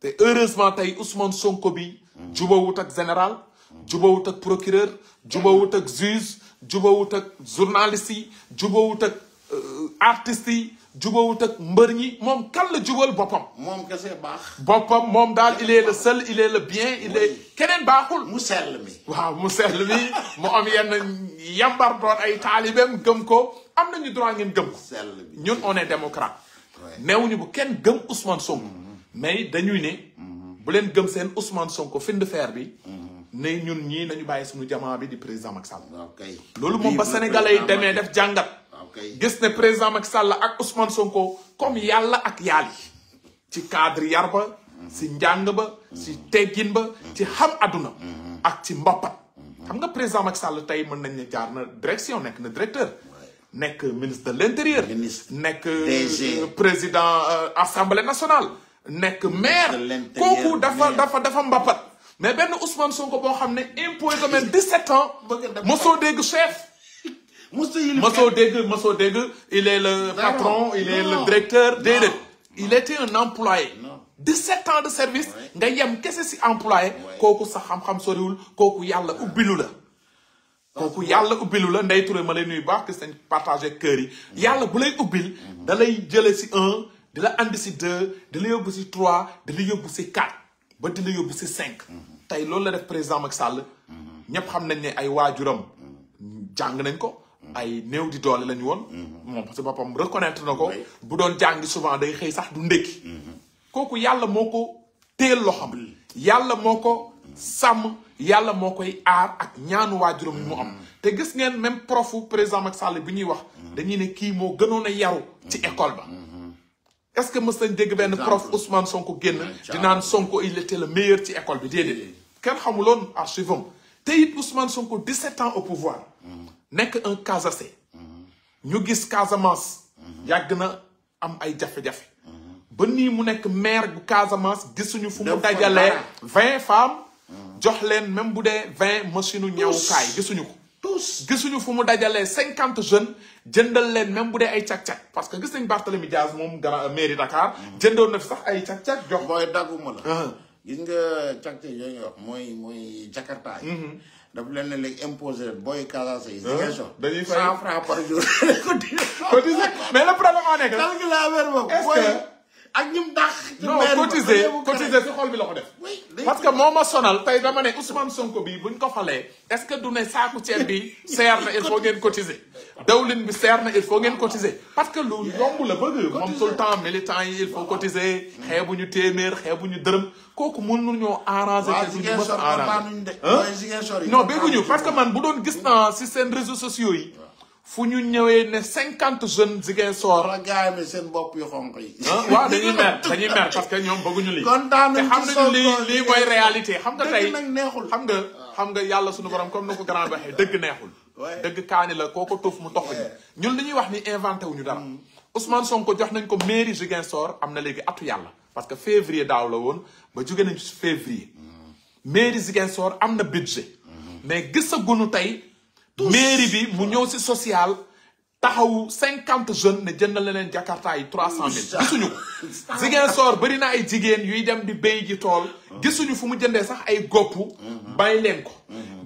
te heureusement tey Ousmane Sonko bi jubawut ak général jubawut ak procureur jubawut ak juge jubawut ak journaliste yi jubawut ak artistes yi jubawut ak mbër ñi moom kan la jubal boppam. moom kese baax. boppam moom daal il est le seul il est le bien il est keneen baaxul. mu sell mi. waaw mu sell mi mu am yenn yambar doon ay taalibeem gëm ko am nañu droit ngeen gëm ko. sell bi ñun on est démocrate. newuñu bu kenn gëm Ousmane Sonko. mais dañuy ne. Mhm. bu leen gëm seen Ousmane Sonko fin de fer bi. Mhm. ne ñun ñii nañu bàyyi suñu jamaa bi di président Macky Sall. loolu moom ba sénégalais yi demee def jàngat. gis ne président Macky Sall ak Ousmane Sonko comme yàlla ak yàlli ci cadre yar ba. si mhm. njàng ba. si teggin ba. ci xam àdduna. ak ci mbappat. xam nga président Macky Sall tey mën nañ ne jaar na direction nekk na directeur. nekk ministre de l' intérieur. nekk euh, président euh, assemblée nationale. nek maire koku dafa dafa dafa mbappat mais ben Ousmane Sonko bo xamné ne imposé même 17 ans mosoo deg chef mosoo dégg mosoo deg, il est le patron il est le directeur déedéet il était un employé 17 ans de service nga qu'est-ce si employé Koku sa xam-xam soriwul Koku yalla ubbilu la koku yalla ubbilu la Ndeye Touré ma lay nuyu baax que sañ partager cœur yi mm-hmm. yalla bu lay ubbil mm-hmm. da lay jële si un di la andi si deux di la yóbbu si trois di la yóbbu si quatre ba di la yóbbu si cinq. tey loolu la def président mag sàll ñëpp xam nañ ne ay waajuram. jàng nañ ko. ay néew di doole lañu woon. moom si boppam reconnaître na ko. bu doon jàngi souvent day xëy sax du ndékki. kooku yàlla moo ko téel loxam. yàlla moo ko sàmm yàlla moo koy aar ak ñaanu waajuram yu mu am. te gis ngeen même profu président Macky Sall bi ñuy wax. Mm-hmm. dañuy ne kii moo gënoon a yaru ci école ba. Mm-hmm. est-ce que mës nañ dégg benn prof Ousmane Sonko génn di naan Sonko il était le meilleur ci école bi déedéet kenn xamuloon archive am te it Ousmane Sonko 17 ans au pouvoir mm-hmm. nekk un Casacé mm-hmm. ñu gis Casamance mm-hmm. yàgg na am ay jafe-jafe ba nii mu nekk maire bu Casamance gisuñu fu mu dajalee vingt femmes jox leen même bu dee vingt machine u ñawukaay gisuñu ko tous gisuñu fu mu dajalee cinquante jeunes jëndal leen même bu dee ay càq-càq parce que gis nañ Barthélemy Diaz moom grand euh, mairie Dakar. Mhm. jëndoon na fi sax ay càq-càq jox. booy dagguma la. Ah. gis nga càq-càq yooyu mooy mooy Jakarta yi. Mhm. daf leen ne léegi booy Casamance yi. Ah. dañuy fay cent francs par jour. mais le problème moo nekk. calcul la affaire boobu. ak ñum dàq. non cotiser cotiser si xol bi la ko def. parce que moo ma sonal tey dama ne Ousmane Sonko bi buñ ko falee est-ce que du ne saaku ceeb bi seer na il faut ngeen cotiser. dawlin bi seer na il faut ngeen cotiser. parce que lu yomb la bëgg. moom tout le temps militant yi il faut cotiser. xeebuñu téeméer xeebuñu dërëm kooku mënuñoo arranger. te duñu mën a arranger non bégguñu parce que man bu doon gis naa si seen réseaux sociaux yi. fu ñu ñëwee ne cinquante jeunes Ziguinchor. war a seen bopp yu xonq yi. Ah, waaw dañuy mer dañuy mer parce que ñoom bëgguñu lii. kontaan nañ ci xam lii lii réalité xam nga tey neexul. xam nga xam nga yàlla suñu borom comme ni ko grand neexul. dëgg kaani la koo ko tuuf mu tox ñu. ñun ñuy wax ni inventé wuñu dara. Mm. Ousmane Sonko jox nañ ko mairie Ziguinchor am na léegi atu yàlla parce que février daaw la woon ba jóge nañ ci février. Mm. mairie Ziguinchor am na budget. Mm. mais gisaguñu tey. mairie bi mu ñëw si social taxawu cinquante jeunes ne jënd la leen jakarta yi trois cent mille gisuñu ko Ziguinchor bëri na ay jigéen yuy dem di béy ji tool gisuñu fu mu jëndee sax ay gopp bay leen ko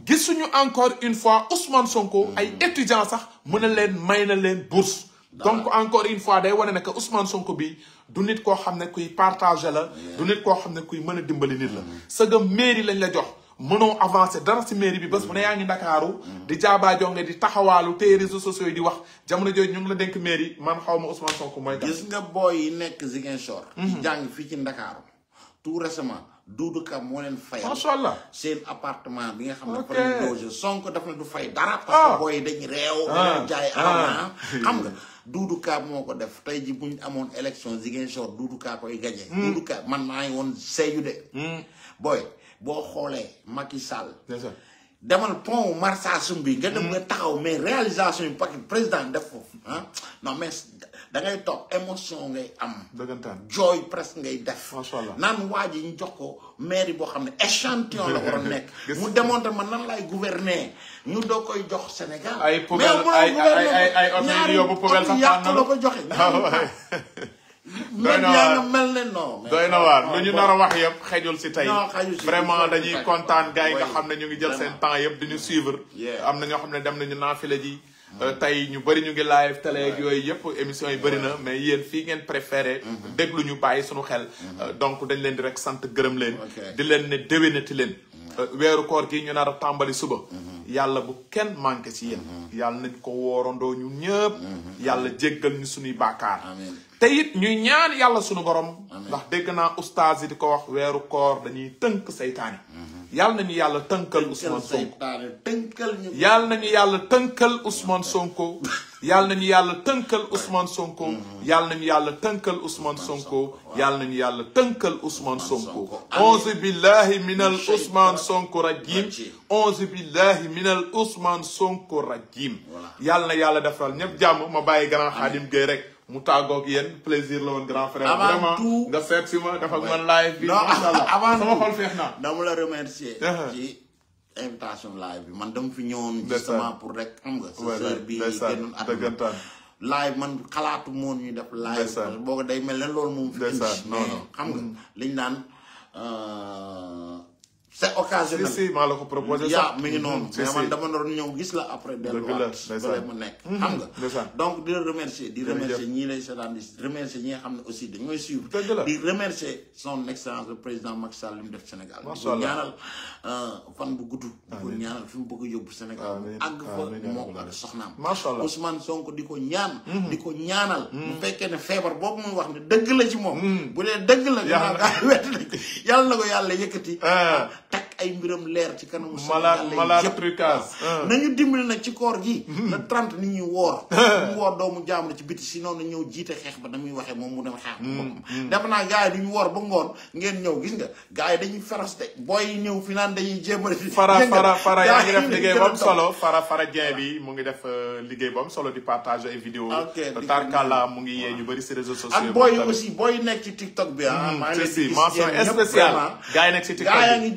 gisuñu encore une fois Ousmane Sonko ay étudiants sax mën na leen may na leen bourse donc encore une fois day wane ne que Ousmane Sonko bi du nit koo xam ne kuy partager la du nit koo xam ne kuy mën a dimbali nit la sëgam mairie lañ la jox mënoo avancer dara si mairie bi ba bu ne yaa ngi ndakaaru di jaabaa jonge di taxawaalu téye réseaux sociaux yi di wax jamono jooju ñu ngi la dénk mairie man xaw ma Ousmane Sonko mooy. gis nga booy nekk Ziguinchor. di mhm. jàng fii ci ndakaaru tout récemment Doudou moo leen fayal. macha allah seen apartement bi nga xam ne. fa loge Sonko daf fay dara. parce que ah. booy yi dañuy réew. Ah. dañuy jaay ah. nga. Doudou moo ko def tey ji bu ñu amoon élection Ziguinchor Doudou Ka koy gagné. Hmm. Doudou Ka man maa ngi woon seeyu de. Hmm. booy. boo xoolee Macky Sall. demal pont Marsassoum bi nga dem nga hmm. taxaw mais réalisation yi parce que président def foofu ah non mais da ngay toog émotion ngay am. dëggantaan jooy presque ngay def. macha allah naan waa ji ñu jox ko mairie boo xam ne échantillon la waroon nekk. mu démontre ma nan lay gouverner ñu doo koy jox Sénégal. ay poubelle ay ay ay ay ñaari yóbbu poubelle sax yàq la ko joxe. Ah ah. doy na waar mel ne na waar lu ñu nar a wax yëpp xejul si tey. vraiment dañuy kontaan gars yi nga xam ne ñu ngi jël seen temps yëpp di ñu suivre. am na ñoo xam ne dem nañu naafila ji. Mm. Euh, tey ñu bëri ñu ngi live télé yooyu yëpp émission yi bëri na mais yéen fii ngeen préféré mm-hmm. déglu ñu bàyyi suñu xel mm-hmm. euh, donc dañ leen di rek sant gërëm leen di leen ne déwénati leen mm. euh, weeru koor gi ñu nar a tàmbali suba mm-hmm. yàlla bu kenn manqué ci yéen yàlla nañ ko woorandoo ñu ñëpp yàlla jéggal ñu suñuy bàkkaar te it ñuy ñaan yàlla sunu borom. ndax dégg naa ustaas yi di ko wax weeru koor dañuy tënk saytaani. yàlla nañu yàlla tënkal Ousmane Sonko tënkal yàlla nañu yàlla tënkal Ousmane Sonko. yàlla nañu yàlla tënkal Ousmane Sonko. yàlla nañu yàlla tënkal Ousmane Sonko. yàlla nañu yàlla tënkal Ousmane Sonko. onze billahi minal Ousmane Sonko rajim. onze billahi minal Ousmane Sonko rajim. yàlla na yàlla defal ñëpp jàmm ma bàyyi grand Xaadim Gueye rek. mu tàggoog yéen plaisir la woon grand frère. avant tout vraiment nga seet si ma dafa mën live bi. macha avant sama xol feex la remercier. Uh-huh. ci invitation live bi man dama fi ñëwoon. justement pour rek xam nga. sa sœur bi génnoon at dëggantaan man xalaatu moon ñu def. live boo ko day mel ne loolu moom. fi indi non xam nga mm-hmm. liñ naan. Euh, c'est occasionnel si si maa la ko proposé yaa mi ngi noonu mm-hmm. mais man dama doon ñëw gis la après delluwaat bale mu nekk mm-hmm. xam nga donc di remercier di remercier ñii lay seetaan di remercier ñi nga xam ne aussi dañooy suivre di remercier son excellence le président Macky Sall li def Sénégal di ko ñaanal euh, fan bu gudd di ko ñaanal fi mu bëgg a yóbbu Sénégal àgg fa moo ak soxnaam Ousmane Sonko di ko ñaan mm-hmm. di ko ñaanal bu fekkee ne feebar boobu muy wax ne dëgg la ci moom bu dee dëgg la ñaan ay mbiram leer ci kanamu. malade malade trucage nañu dimbali na ci koor gi. na trente nit ñi woor. mu doomu jàmbur ci biti si noonu ñëw jiite xeex ba damuy waxee moom mu dem xeex. def naa gars yi du ñu woor ba ngoon ngeen ñëw gis nga gars yi dañuy feras de booy yi ñëw fi naan dañuy jéem a. fara fara fara yaa ngi def liggéey ba am solo fara fara bi mu ngi def euh, liggéey ba am solo di partage ay vidéo. ok tarkala mu ngi yee ñu bëri si réseaux sociaux. ak booy yi aussi booy nekk ci TikTok bi ah. Hmm, maa ngi yi nekk ci TikTok bi. gaa yaa ngi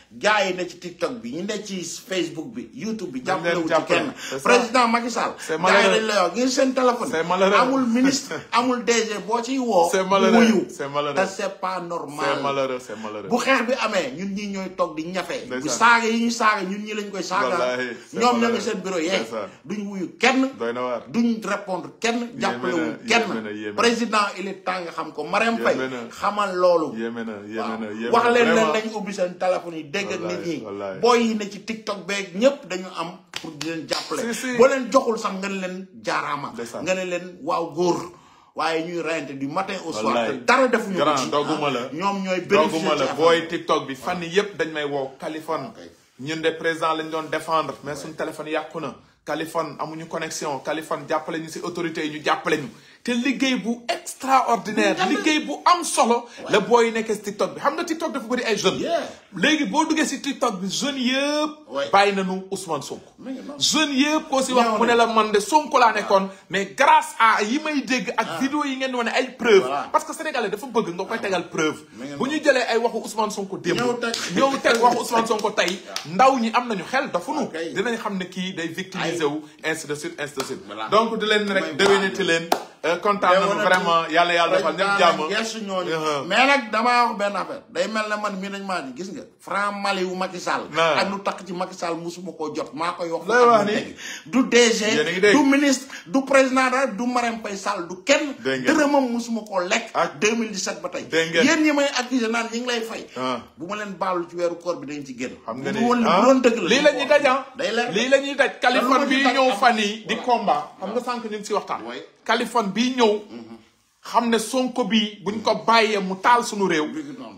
gars yi ne ci tiktok bi ñu ne ci Facebook bi YouTube bi. jàppale wu ci kenn président Macky Sall. c' la wax ngir seen téléphone. amul ministre amul DG boo ciy woo. c' est malheureux wuyu te c' est pas normal. c' est malheureux c' est malheureux. bu xeex bi amee ñun ñi ñooy toog di ñafe. bu saaga yi ñu saaga ñun ñi lañ koy saaga. ñoom ñoo ngi seen bureau yee. duñ wuyu kenn. doy na waar duñ répondre kenn. jàppale wu kenn président il est temps xam ko Marème Faye xamal loolu. wax leen ne nañ ubbi seen téléphone yi teg ak nit ñi booy ne ci tiktok beeg ñëpp dañu am pour di jàppale boo leen joxul sax nga ne leen jaaraama nga ne leen waaw góor waaye ñuy reyante du matin au soir te dara defuñu ko ci dogguma ñoom ñooy dogguma la booy tiktok bi fan yëpp dañ may woo Kaliphone ñun de président lañ doon défendre mais suñu téléphone yàqu na Kaliphone amuñu connexion Kaliphone jàppale ñu si autorité yi ñu jàppale ñu te liggéey bu extraordinaire liggéey bu am solo la booy yi nekkee si TikTok bi xam nga TikTok dafa bëri ay jeunes léegi boo duggee si TikTok bi jeune yëpp bàyyi nañu Ousmane Sonko jeune yëpp koo si wax mu ne la man de Sonko laa nekkoon ah. mais grâce à yi may dégg ak ah. vidéo yi ngeen wane ay preuve parce que sénégalais dafa bëgg nga koy ah. tegal preuve bu ñu jëlee ay waxu Ousmane Sonko démb ñëw teg waxu Ousmane Sonko tey ndaw ñi am nañu xel dafunu dinañ xam ne kii day victimiser wu ainsi de suite ainsi de suite donc di leen rek déwénati leen Euh, kontaan nañu vraiment yàlla yàlla defal ñëpp jàmm yesu ñooñu uh-huh. mais nag damaa wax benn affaire day mel na man mii nañ maa ji gis nga franc mali wu Macky Sall ak lu takk ci Macky Sall musuma koo jot maa koy wax wax ni du DG du ministre du président du Marème Faye Sall du kenn dërëmam musuma koo lekk 2017 ah. ba tey yéen ñi may accusé naan ñi ngi lay fay ah. bu ma leen baalu ci weeru koor bi dañ ci génn xam nga ni woon ah. doon dëgg la lii la ñuy daj ah lii bi ñëw fan yi di combat xam nga sànq ñu si waxtaan Kaliphone bii ñëw xam ne Sonko bi buñ ko bàyyee mu taal sunu réew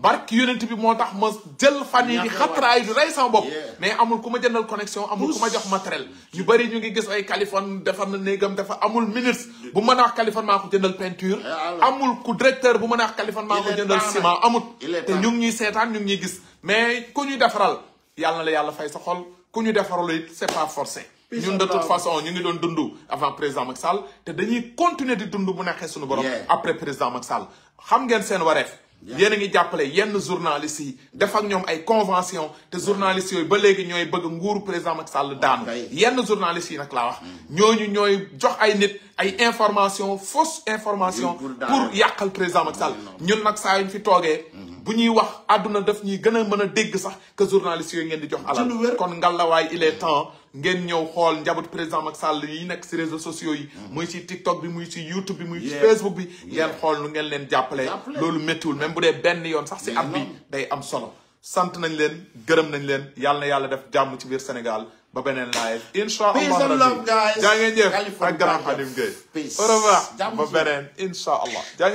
barke yonent bi moo tax ma jël fan yi di xatraay di rey sama bopp mais amul ku ma jëndal connexion amul ma jox matériel ñu bëri ñu ngi gis ay Kaliphone defar na néegam dafa amul ministre bu mën a wax Kaliphone jëndal peinture eh, amul ku directeur bu mën a wax Kaliphone maa ko jëndal ciment amut te ñu ngi ñuy seetaan ñu ngi ñuy gis mais ku ñuy defaral yàlla na la yàlla fay sa xol ku ñu defaral it c'est pas forcé ñun de toute façon ñu ngi doon dund avant président Macky Sall te dañuy continuer di dund bu neexee suñu borom après président Macky Sall xam ngeen seen wareef yéen a ngi jàppale yenn journalistes yi def ak ñoom ay convention te journalistes yooyu ba léegi ñooy bëgg nguuru président Macky Sall daanu yenn journalistes yi nag laa wax ñooñu ñooy jox ay nit ay information fausse information pour yàqal président Macky Sall ñun nag saa yuñ fi toogee mm-hmm. bu ñuy wax àdduna daf ñuy gën a mën a dégg sax que journaliste yooyu ngeen di jox alal kon ngalawaay il est temps ngeen ñëw xool njabootu président Macky Sall yi nekk si réseaux sociaux yi mm-hmm. muy si TikTok bi muy si YouTube bi muy si Facebook bi ngeen xool nu ngeen leen jàppale loolu méttiwul même bu dee benn yoon sax si at bi day am solo sant nañ leen gërëm nañ leen yàlla na yàlla def jàmm ci biir Sénégal ba beneen live incha allah jaa ngeen jëf ak grand Khadim Gueye au ba beneen